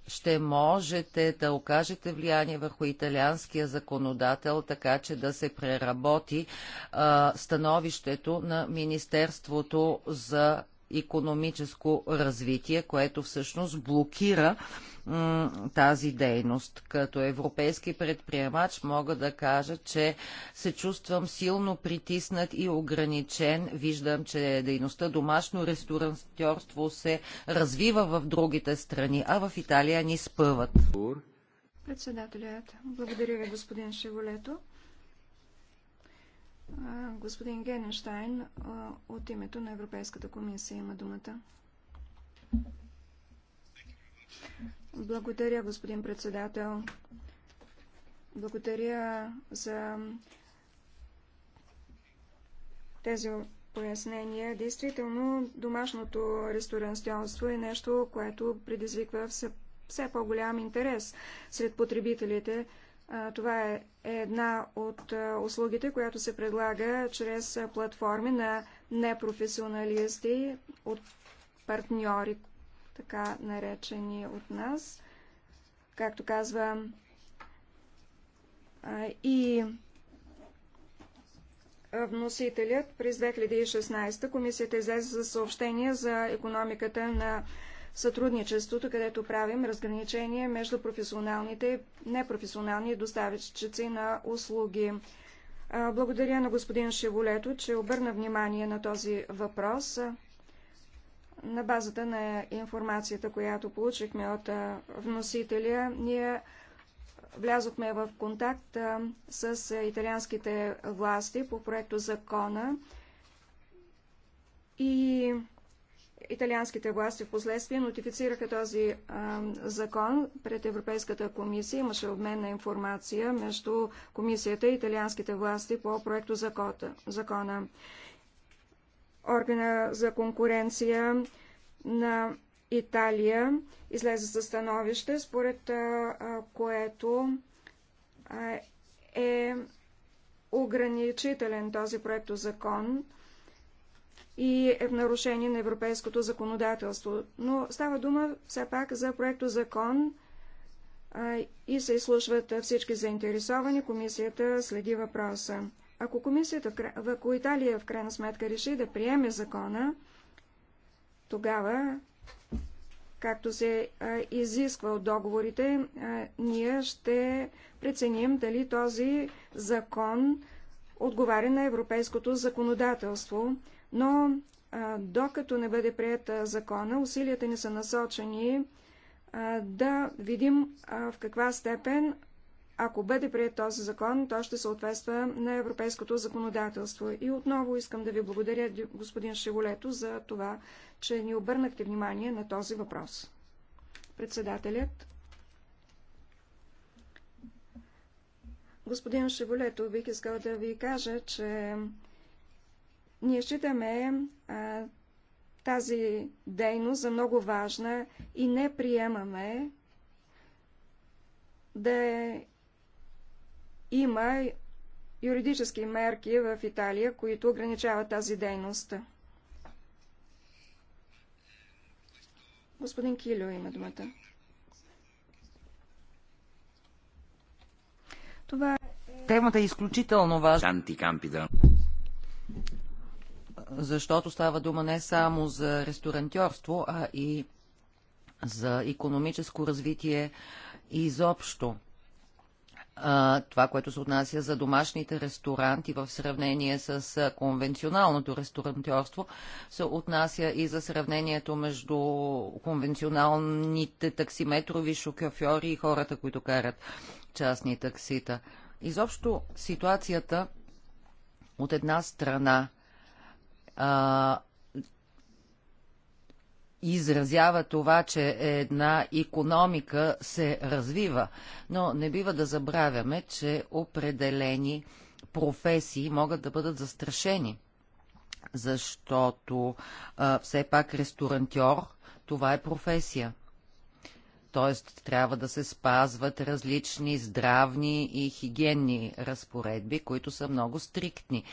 ще можете да окажете влияние върху италианския законодател, така че да се преработи а, становището на Министерството за економическо развитие, което всъщност блокира тази дейност. Като европейски предприемач мога да кажа, че се чувствам силно притиснат и ограничен. Виждам, че дейността домашно ресторантьорство се развива в другите страни, а в Италия ни спъват. Председателят, благодаря ви, господин Шеволето. Господин Генштайн, от името на Европейската комисия има думата. Благодаря, господин председател. Благодаря за тези пояснения. Действително, домашното ресторанционство е нещо, което предизвиква все по-голям интерес сред потребителите. Това е една от услугите, която се предлага чрез платформи на непрофесионалисти от партньори, така наречени от нас. Както казва и вносителят през 2016 комисията излезе за съобщение за економиката на сътрудничеството, където правим разграничение между професионалните и непрофесионални доставчици на услуги. Благодаря на господин Шеволето, че обърна внимание на този въпрос на базата на информацията, която получихме от вносителя, ние влязохме в контакт с италианските власти по проекто закона и Италианските власти в последствие нотифицираха този а, закон пред Европейската комисия. Имаше обмен на информация между комисията и италианските власти по проекто закона. Органа за конкуренция на Италия излезе със становище, според а, което а, е ограничителен този проекто закон и е в нарушение на европейското законодателство. Но става дума все пак за проекто закон а, и се изслушват всички заинтересовани. Комисията следи въпроса. Ако комисията, ако Италия в крайна сметка реши да приеме закона, тогава, както се а, изисква от договорите, а, ние ще преценим дали този закон отговаря на европейското законодателство но а, докато не бъде прият закона, усилията ни са насочени а, да видим а, в каква степен, ако бъде прият този закон, то ще съответства на европейското законодателство. И отново искам да ви благодаря, господин Шеволето, за това, че ни обърнахте внимание на този въпрос. Председателят. Господин Шеволето, бих искал да ви кажа, че ние считаме а, тази дейност за много важна и не приемаме да има юридически мерки в Италия, които ограничават тази дейност. Господин Килио има думата. Това е... Темата е изключително важна защото става дума не само за ресторантьорство, а и за економическо развитие изобщо. А, това, което се отнася за домашните ресторанти в сравнение с конвенционалното ресторантьорство, се отнася и за сравнението между конвенционалните таксиметрови шофьори и хората, които карат частни таксита. Изобщо ситуацията от една страна а, изразява това, че една економика се развива. Но не бива да забравяме, че определени професии могат да бъдат застрашени, защото а, все пак ресторантьор това е професия т.е. трябва да се спазват различни здравни и хигиенни разпоредби, които са много стриктни.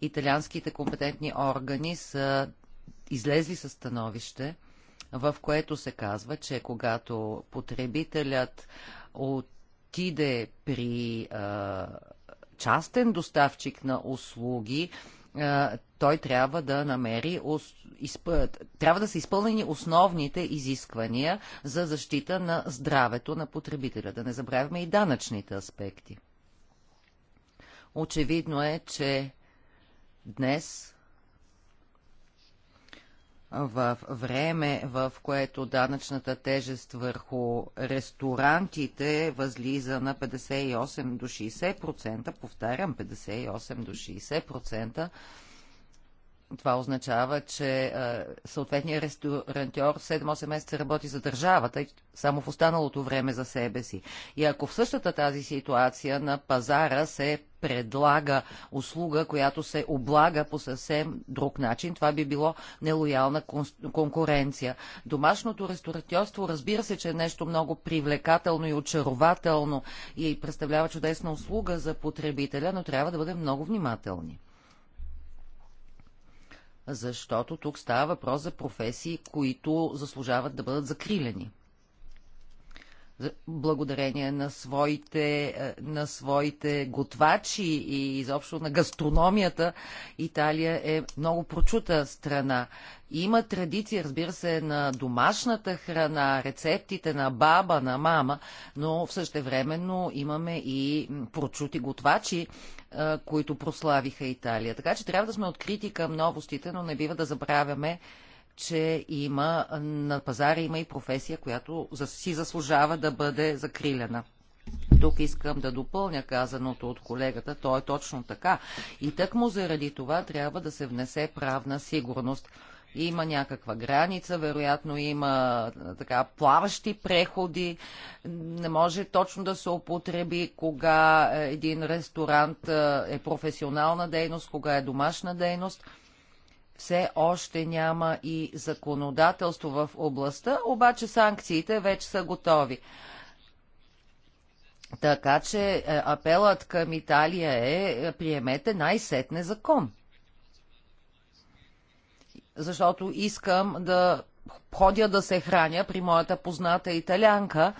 Италианските компетентни органи са излезли със становище, в което се казва, че когато потребителят отиде при а, частен доставчик на услуги, той трябва да намери, трябва да са изпълнени основните изисквания за защита на здравето на потребителя. Да не забравяме и данъчните аспекти. Очевидно е, че днес в време, в което данъчната тежест върху ресторантите възлиза на 58 до 60%, повтарям 58 до 60%, това означава, че а, съответният ресторантьор 7-8 месеца работи за държавата, само в останалото време за себе си. И ако в същата тази ситуация на пазара се предлага услуга, която се облага по съвсем друг начин. Това би било нелоялна конкуренция. Домашното ресторантьорство разбира се, че е нещо много привлекателно и очарователно и представлява чудесна услуга за потребителя, но трябва да бъдем много внимателни защото тук става въпрос за професии, които заслужават да бъдат закрилени. Благодарение на своите, е, на своите готвачи и изобщо на гастрономията, Италия е много прочута страна. Има традиция, разбира се, на домашната храна, рецептите на баба, на мама, но в същевременно имаме и прочути готвачи, които прославиха Италия. Така че трябва да сме открити към новостите, но не бива да забравяме, че има на пазара има и професия, която си заслужава да бъде закрилена. Тук искам да допълня казаното от колегата, то е точно така. И тъкмо заради това трябва да се внесе правна сигурност. Има някаква граница, вероятно има така плаващи преходи. Не може точно да се употреби кога е, един ресторант е професионална дейност, кога е домашна дейност все още няма и законодателство в областта, обаче санкциите вече са готови. Така че е, апелът към Италия е, е приемете най-сетне закон защото искам да ходя да се храня при моята позната италянка,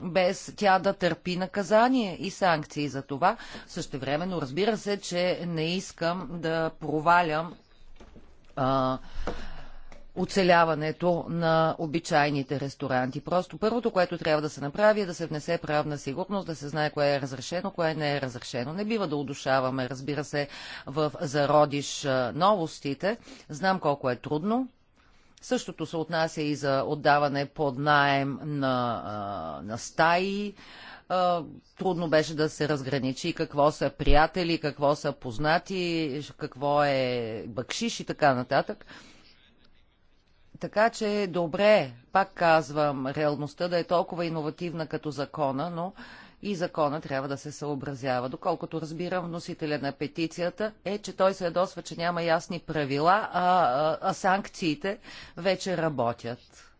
без тя да търпи наказание и санкции за това. Същевременно разбира се, че не искам да провалям а, оцеляването на обичайните ресторанти. Просто първото, което трябва да се направи е да се внесе правна сигурност, да се знае кое е разрешено, кое не е разрешено. Не бива да удушаваме, разбира се, в зародиш новостите. Знам колко е трудно. Същото се отнася и за отдаване под найем на, на стаи трудно беше да се разграничи какво са приятели, какво са познати, какво е бакшиш и така нататък. Така че добре, пак казвам, реалността да е толкова иновативна като закона, но и закона трябва да се съобразява. Доколкото разбирам, вносителя на петицията е, че той се ядосва, че няма ясни правила, а, а, а санкциите вече работят.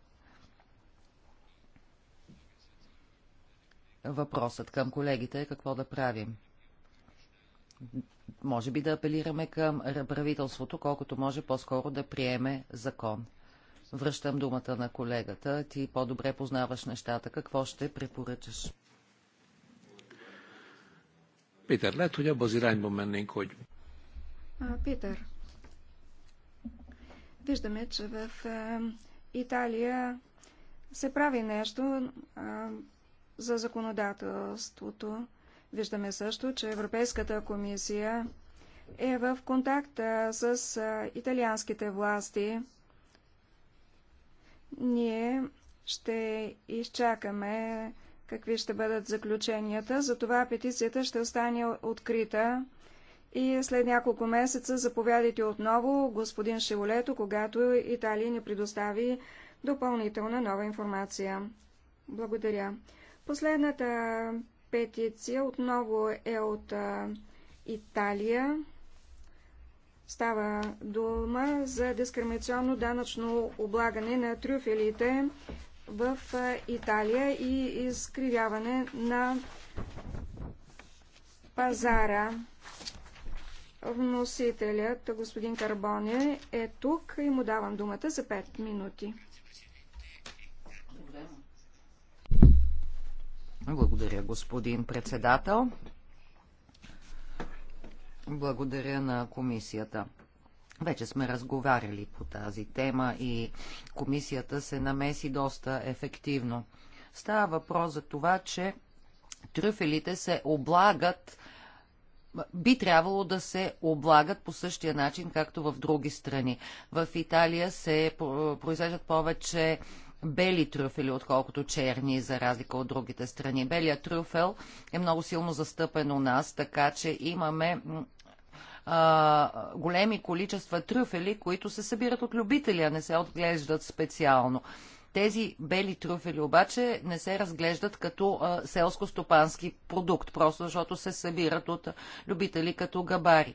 Въпросът към колегите е какво да правим. Може би да апелираме към правителството, колкото може по-скоро да приеме закон. Връщам думата на колегата. Ти по-добре познаваш нещата. Какво ще препоръчаш? Питер, лето я базирай az irányba mennénk, Питер, виждаме, че в Италия се прави нещо за законодателството. Виждаме също, че Европейската комисия е в контакт с италианските власти ние ще изчакаме какви ще бъдат заключенията. Затова петицията ще остане открита. И след няколко месеца заповядайте отново, господин Шеволето, когато Италия ни предостави допълнителна нова информация. Благодаря. Последната петиция отново е от Италия. Става дума за дискриминационно данъчно облагане на трюфелите в Италия и изкривяване на пазара. Вносителят, господин Карбоне, е тук и му давам думата за 5 минути. Благодаря, господин председател. Благодаря на комисията. Вече сме разговаряли по тази тема и комисията се намеси доста ефективно. Става въпрос за това, че трюфелите се облагат, би трябвало да се облагат по същия начин, както в други страни. В Италия се произвеждат повече бели трюфели, отколкото черни, за разлика от другите страни. Белият трюфел е много силно застъпен у нас, така че имаме а, големи количества трюфели, които се събират от любители, а не се отглеждат специално. Тези бели трюфели обаче не се разглеждат като селско-стопански продукт, просто защото се събират от любители като габари.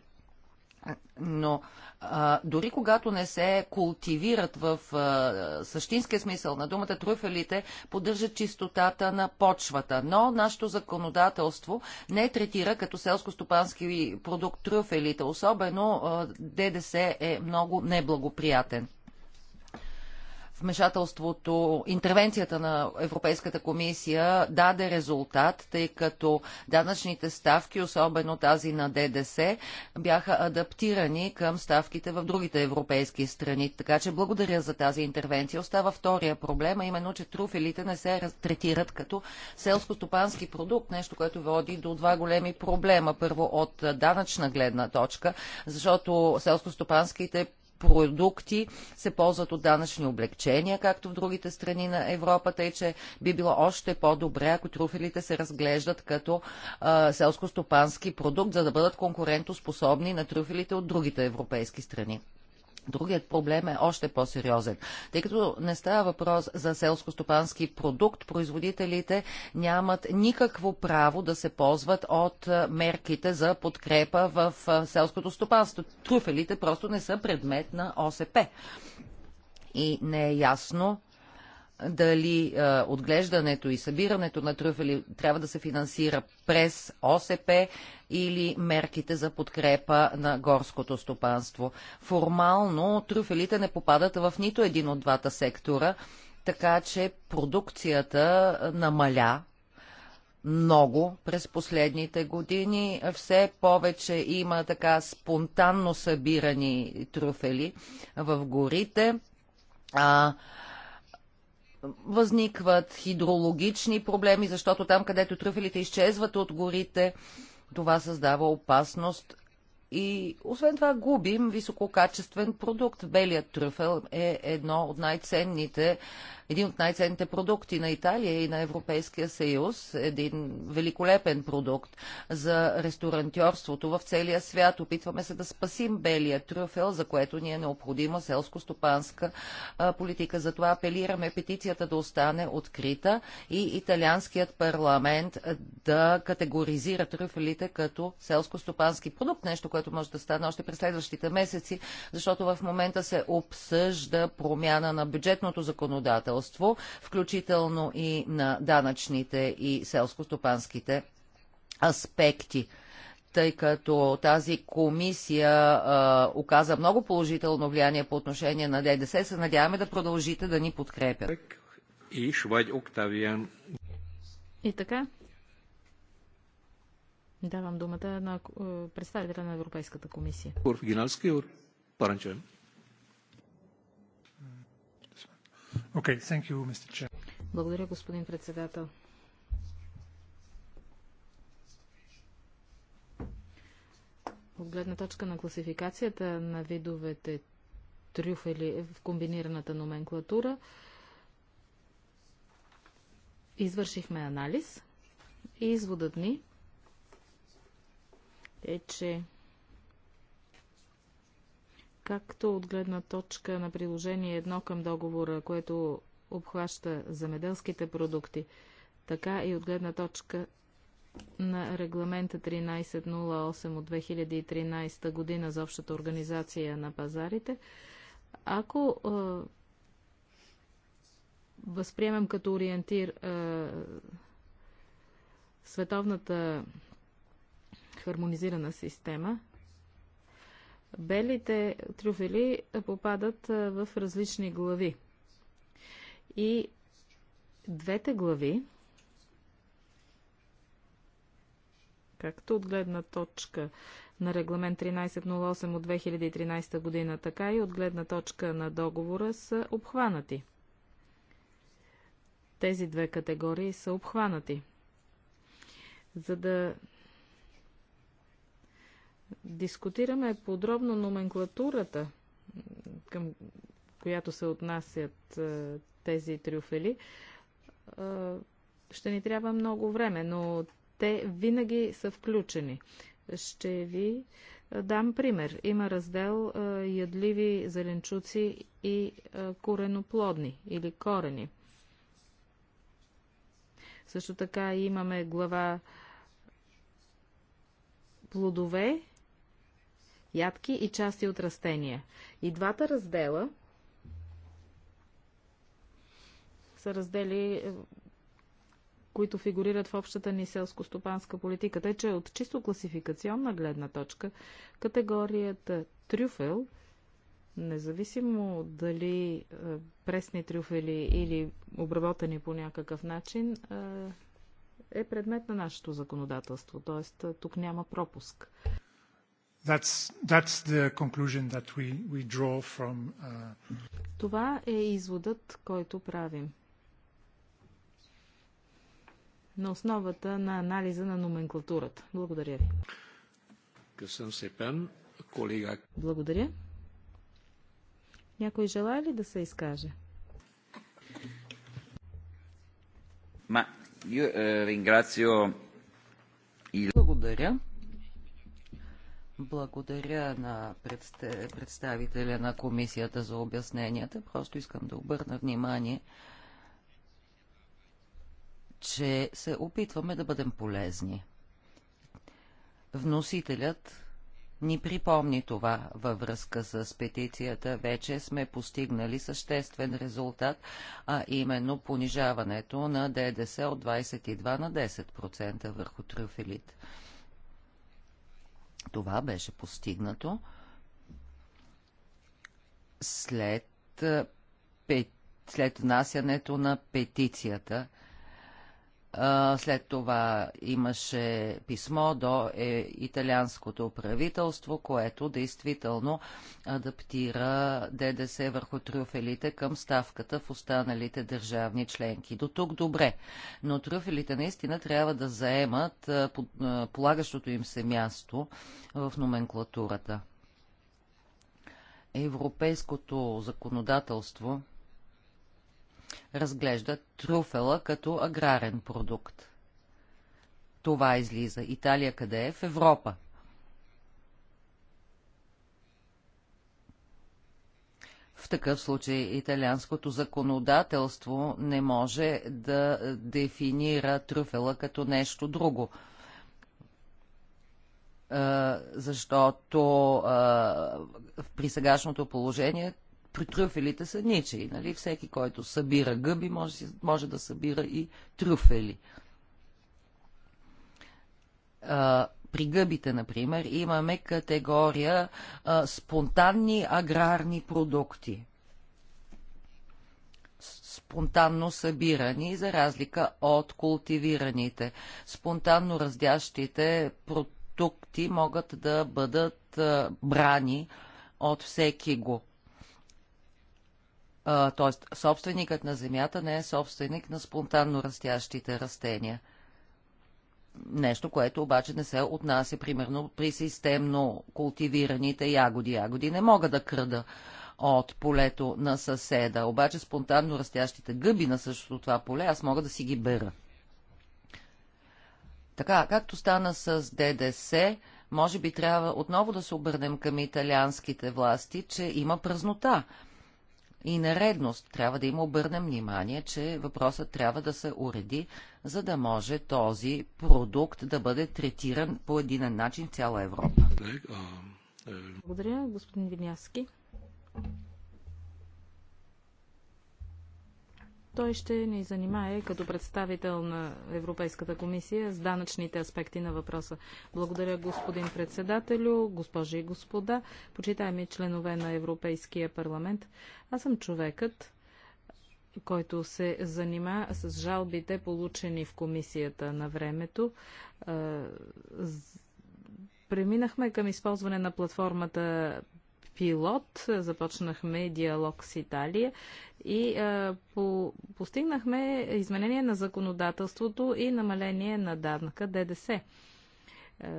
Но а, дори когато не се култивират в а, същинския смисъл на думата, трюфелите поддържат чистотата на почвата. Но нашето законодателство не третира като селско-стопански продукт трюфелите. Особено а, ДДС е много неблагоприятен вмешателството, интервенцията на Европейската комисия даде резултат, тъй като данъчните ставки, особено тази на ДДС, бяха адаптирани към ставките в другите европейски страни. Така че благодаря за тази интервенция. Остава втория проблем, а именно, че труфелите не се третират като селско-стопански продукт, нещо, което води до два големи проблема. Първо от данъчна гледна точка, защото селско-стопанските продукти се ползват от данъчни облегчения, както в другите страни на Европа, тъй че би било още по-добре, ако труфелите се разглеждат като селско-стопански продукт, за да бъдат конкурентоспособни на трюфелите от другите европейски страни. Другият проблем е още по-сериозен. Тъй като не става въпрос за селско-стопански продукт, производителите нямат никакво право да се ползват от мерките за подкрепа в селското стопанство. Труфелите просто не са предмет на ОСП. И не е ясно дали а, отглеждането и събирането на трюфели трябва да се финансира през ОСП или мерките за подкрепа на горското стопанство. Формално трюфелите не попадат в нито един от двата сектора, така че продукцията намаля много през последните години. Все повече има така спонтанно събирани трюфели в горите. А, възникват хидрологични проблеми, защото там, където трюфелите изчезват от горите, това създава опасност и освен това губим висококачествен продукт. Белият трюфел е едно от най-ценните, един от най-ценните продукти на Италия и на Европейския съюз. Един великолепен продукт за ресторантьорството в целия свят. Опитваме се да спасим белия трюфел, за което ни е необходима селско-стопанска политика. Затова апелираме петицията да остане открита и италианският парламент да категоризира трюфелите като селско-стопански продукт, нещо, което може да стане още през следващите месеци, защото в момента се обсъжда промяна на бюджетното законодателство, включително и на данъчните и селско-стопанските аспекти тъй като тази комисия а, оказа много положително влияние по отношение на ДДС. Се надяваме да продължите да ни подкрепят. И така, Давам думата на е, представителя на Европейската комисия. Okay, thank you, Mr. Chair. Благодаря, господин председател. От гледна точка на класификацията на видовете трюфели в комбинираната номенклатура, извършихме анализ и изводът ни е, че както от гледна точка на приложение едно към договора, което обхваща замеделските продукти, така и от гледна точка на регламента 1308 от 2013 година за общата организация на пазарите, ако е, възприемем като ориентир е, световната хармонизирана система. Белите трюфели попадат в различни глави. И двете глави, както от гледна точка на регламент 1308 от 2013 година, така и от гледна точка на договора са обхванати. Тези две категории са обхванати. За да Дискутираме подробно номенклатурата, към която се отнасят е, тези трюфели, е, Ще ни трябва много време, но те винаги са включени. Ще ви е, дам пример. Има раздел ядливи зеленчуци и кореноплодни или корени. Също така имаме глава плодове ядки и части от растения. И двата раздела са раздели, е, които фигурират в общата ни селско-стопанска политика. Тъй, че от чисто класификационна гледна точка, категорията трюфел независимо дали е, пресни трюфели или обработени по някакъв начин, е, е предмет на нашето законодателство. Т.е. тук няма пропуск. That's, that's the conclusion that we, we draw from, uh... Това е изводът, който правим. На основата на анализа на номенклатурата. Благодаря ви. колега. Благодаря. Някой желая ли да се изкаже? Ма, е, Благодаря. Благодаря на представителя на комисията за обясненията. Просто искам да обърна внимание, че се опитваме да бъдем полезни. Вносителят ни припомни това във връзка с петицията. Вече сме постигнали съществен резултат, а именно понижаването на ДДС от 22 на 10% върху трюфелите. Това беше постигнато след, след внасянето на петицията – след това имаше писмо до е, италианското правителство, което действително адаптира ДДС върху трюфелите към ставката в останалите държавни членки. До тук добре, но трюфелите наистина трябва да заемат полагащото им се място в номенклатурата. Европейското законодателство – разглеждат труфела като аграрен продукт. Това излиза. Италия къде е? В Европа. В такъв случай италианското законодателство не може да дефинира трюфела като нещо друго. Защото при сегашното положение при трюфелите са ничи. Нали? Всеки, който събира гъби, може, може да събира и трюфели. А, при гъбите, например, имаме категория а, спонтанни аграрни продукти. Спонтанно събирани, за разлика от култивираните. Спонтанно раздящите продукти могат да бъдат а, брани от всеки го т.е. собственикът на земята не е собственик на спонтанно растящите растения. Нещо, което обаче не се отнася, примерно, при системно култивираните ягоди. Ягоди не мога да кръда от полето на съседа, обаче спонтанно растящите гъби на същото това поле аз мога да си ги бера. Така, както стана с ДДС, може би трябва отново да се обърнем към италианските власти, че има празнота и нередност. Трябва да им обърнем внимание, че въпросът трябва да се уреди, за да може този продукт да бъде третиран по един начин в цяла Европа. Uh, uh, Благодаря, господин Винявски. Той ще ни занимае като представител на Европейската комисия с данъчните аспекти на въпроса. Благодаря господин председателю, госпожи и господа, почитаеми членове на Европейския парламент. Аз съм човекът, който се занима с жалбите, получени в комисията на времето. Преминахме към използване на платформата пилот. Започнахме диалог с Италия и а, е, по, постигнахме изменение на законодателството и намаление на данъка ДДС. Е,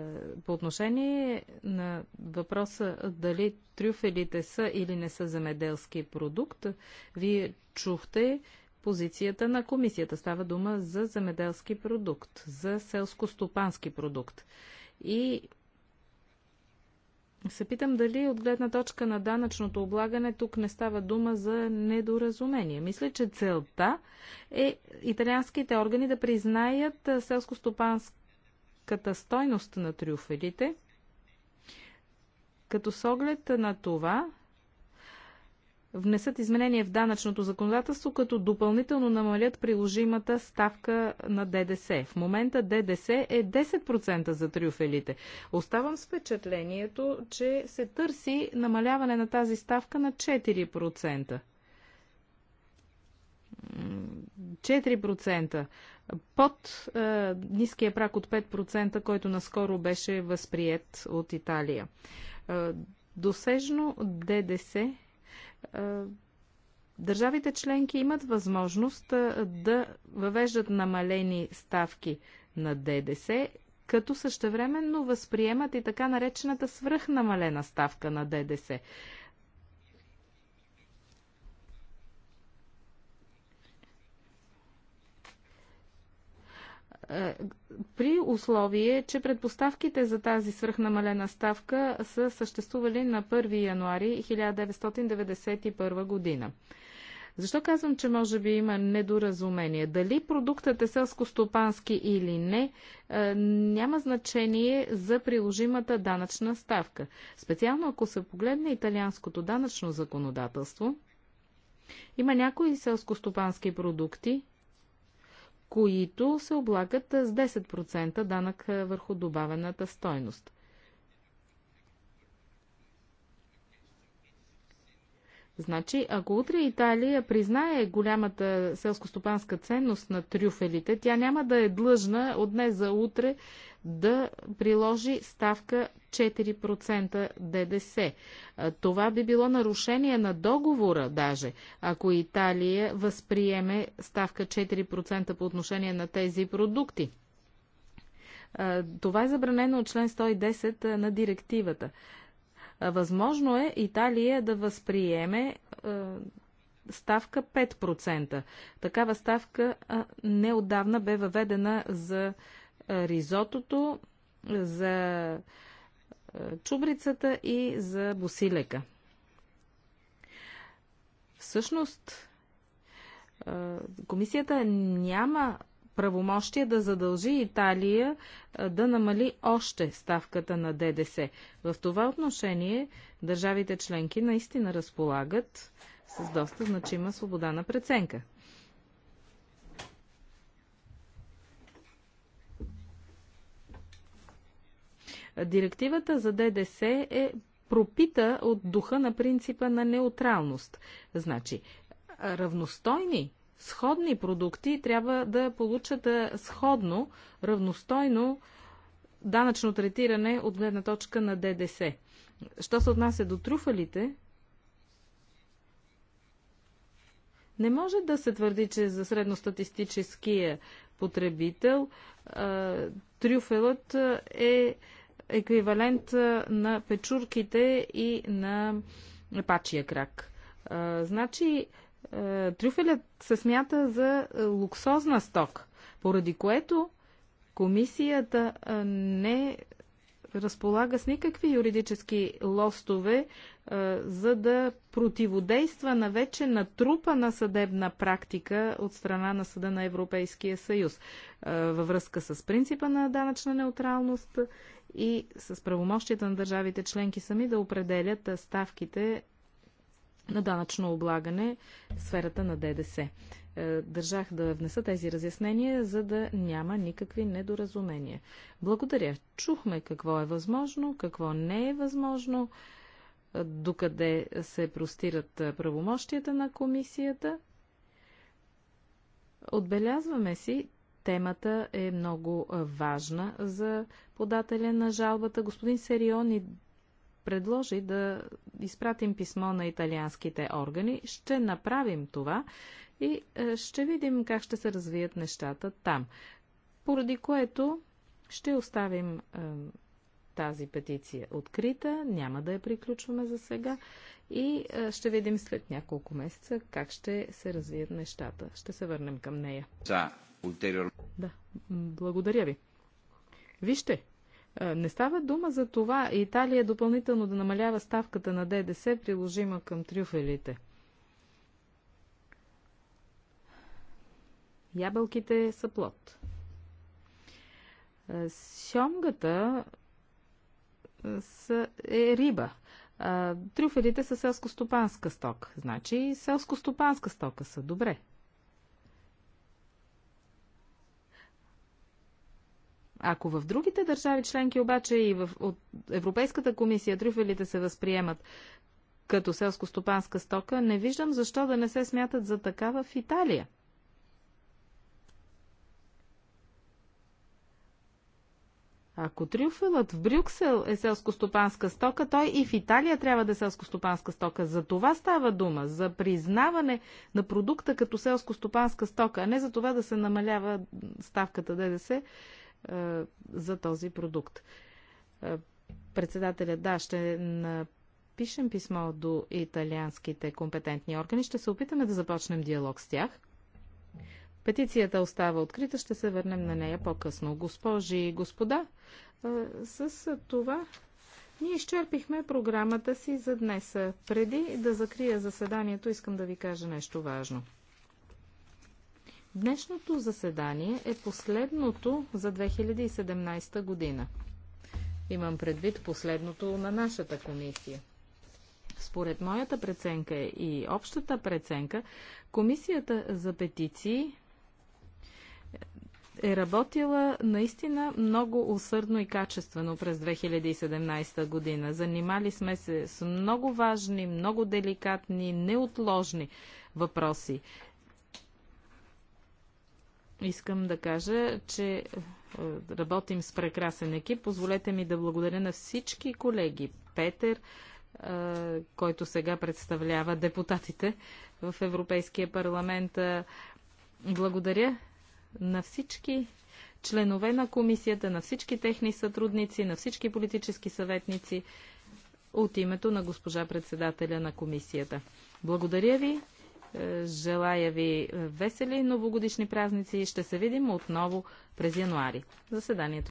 по отношение на въпроса дали трюфелите са или не са земеделски продукт, вие чухте позицията на комисията. Става дума за земеделски продукт, за селско-стопански продукт. И се питам дали от гледна точка на данъчното облагане тук не става дума за недоразумение. Мисля, че целта е италианските органи да признаят селскостопанската стойност на трюфелите, като с оглед на това внесат изменения в данъчното законодателство, като допълнително намалят приложимата ставка на ДДС. В момента ДДС е 10% за трюфелите. Оставам с впечатлението, че се търси намаляване на тази ставка на 4%. 4% под е, ниския прак от 5%, който наскоро беше възприят от Италия. Е, досежно ДДС е, държавите членки имат възможност е, да въвеждат намалени ставки на ДДС, като същевременно възприемат и така наречената свръхнамалена ставка на ДДС. при условие, че предпоставките за тази свръхнамалена ставка са съществували на 1 януари 1991 година. Защо казвам, че може би има недоразумение? Дали продуктът е селско-стопански или не, е, няма значение за приложимата данъчна ставка. Специално ако се погледне италианското данъчно законодателство, има някои селскостопански продукти, които се облагат с 10% данък върху добавената стойност. Значи, ако утре Италия признае голямата селскостопанска ценност на трюфелите, тя няма да е длъжна от днес за утре да приложи ставка 4% ДДС. Това би било нарушение на договора даже, ако Италия възприеме ставка 4% по отношение на тези продукти. Това е забранено от член 110 на директивата. Възможно е Италия да възприеме ставка 5%. Такава ставка неодавна бе въведена за ризотото, за чубрицата и за босилека. Всъщност, комисията няма Правомощия да задължи Италия да намали още ставката на ДДС. В това отношение държавите членки наистина разполагат с доста значима свобода на преценка. Директивата за ДДС е пропита от духа на принципа на неутралност. Значи, равностойни сходни продукти трябва да получат сходно, равностойно данъчно третиране от гледна точка на ДДС. Що се отнася до труфалите, не може да се твърди, че за средностатистическия потребител трюфелът е еквивалент на печурките и на пачия крак. Значи, е, трюфелят се смята за е, луксозна сток, поради което комисията е, не разполага с никакви юридически лостове, за да противодейства на вече натрупана съдебна практика от страна на Съда на Европейския съюз във връзка с принципа на данъчна неутралност и с правомощията на държавите членки сами да определят ставките на данъчно облагане в сферата на ДДС. Е, държах да внеса тези разяснения, за да няма никакви недоразумения. Благодаря. Чухме какво е възможно, какво не е възможно, е, докъде се простират е, правомощията на комисията. Отбелязваме си, темата е много важна за подателя на жалбата. Господин Серион и предложи да изпратим писмо на италианските органи. Ще направим това и е, ще видим как ще се развият нещата там. Поради което ще оставим е, тази петиция открита, няма да я приключваме за сега и е, ще видим след няколко месеца как ще се развият нещата. Ще се върнем към нея. Да, благодаря ви. Вижте, е, не става дума за това Италия допълнително да намалява ставката на ДДС, приложима към трюфелите. Ябълките са плод. Е, сьомгата е, е риба. Трюфелите са селско-стопанска стока. Значи селско-стопанска стока са. Добре. Ако в другите държави членки обаче и в, от Европейската комисия трюфелите се възприемат като селско-стопанска стока, не виждам защо да не се смятат за такава в Италия. Ако трюфелът в Брюксел е селскостопанска стока, той и в Италия трябва да е селскостопанска стока. За това става дума, за признаване на продукта като селскостопанска стока, а не за това да се намалява ставката ДДС е, за този продукт. Е, председателя, да, ще напишем писмо до италианските компетентни органи. Ще се опитаме да започнем диалог с тях. Петицията остава открита, ще се върнем на нея по-късно. Госпожи и господа, е, с това ние изчерпихме програмата си за днес. Преди да закрия заседанието, искам да ви кажа нещо важно. Днешното заседание е последното за 2017 година. Имам предвид последното на нашата комисия. Според моята преценка и общата преценка, комисията за петиции е работила наистина много усърдно и качествено през 2017 година. Занимали сме се с много важни, много деликатни, неотложни въпроси. Искам да кажа, че е, работим с прекрасен екип. Позволете ми да благодаря на всички колеги. Петър, е, който сега представлява депутатите в Европейския парламент. Е, благодаря на всички членове на комисията, на всички техни сътрудници, на всички политически съветници от името на госпожа председателя на комисията. Благодаря ви. Е, желая ви е, весели новогодишни празници и ще се видим отново през януари. Заседанието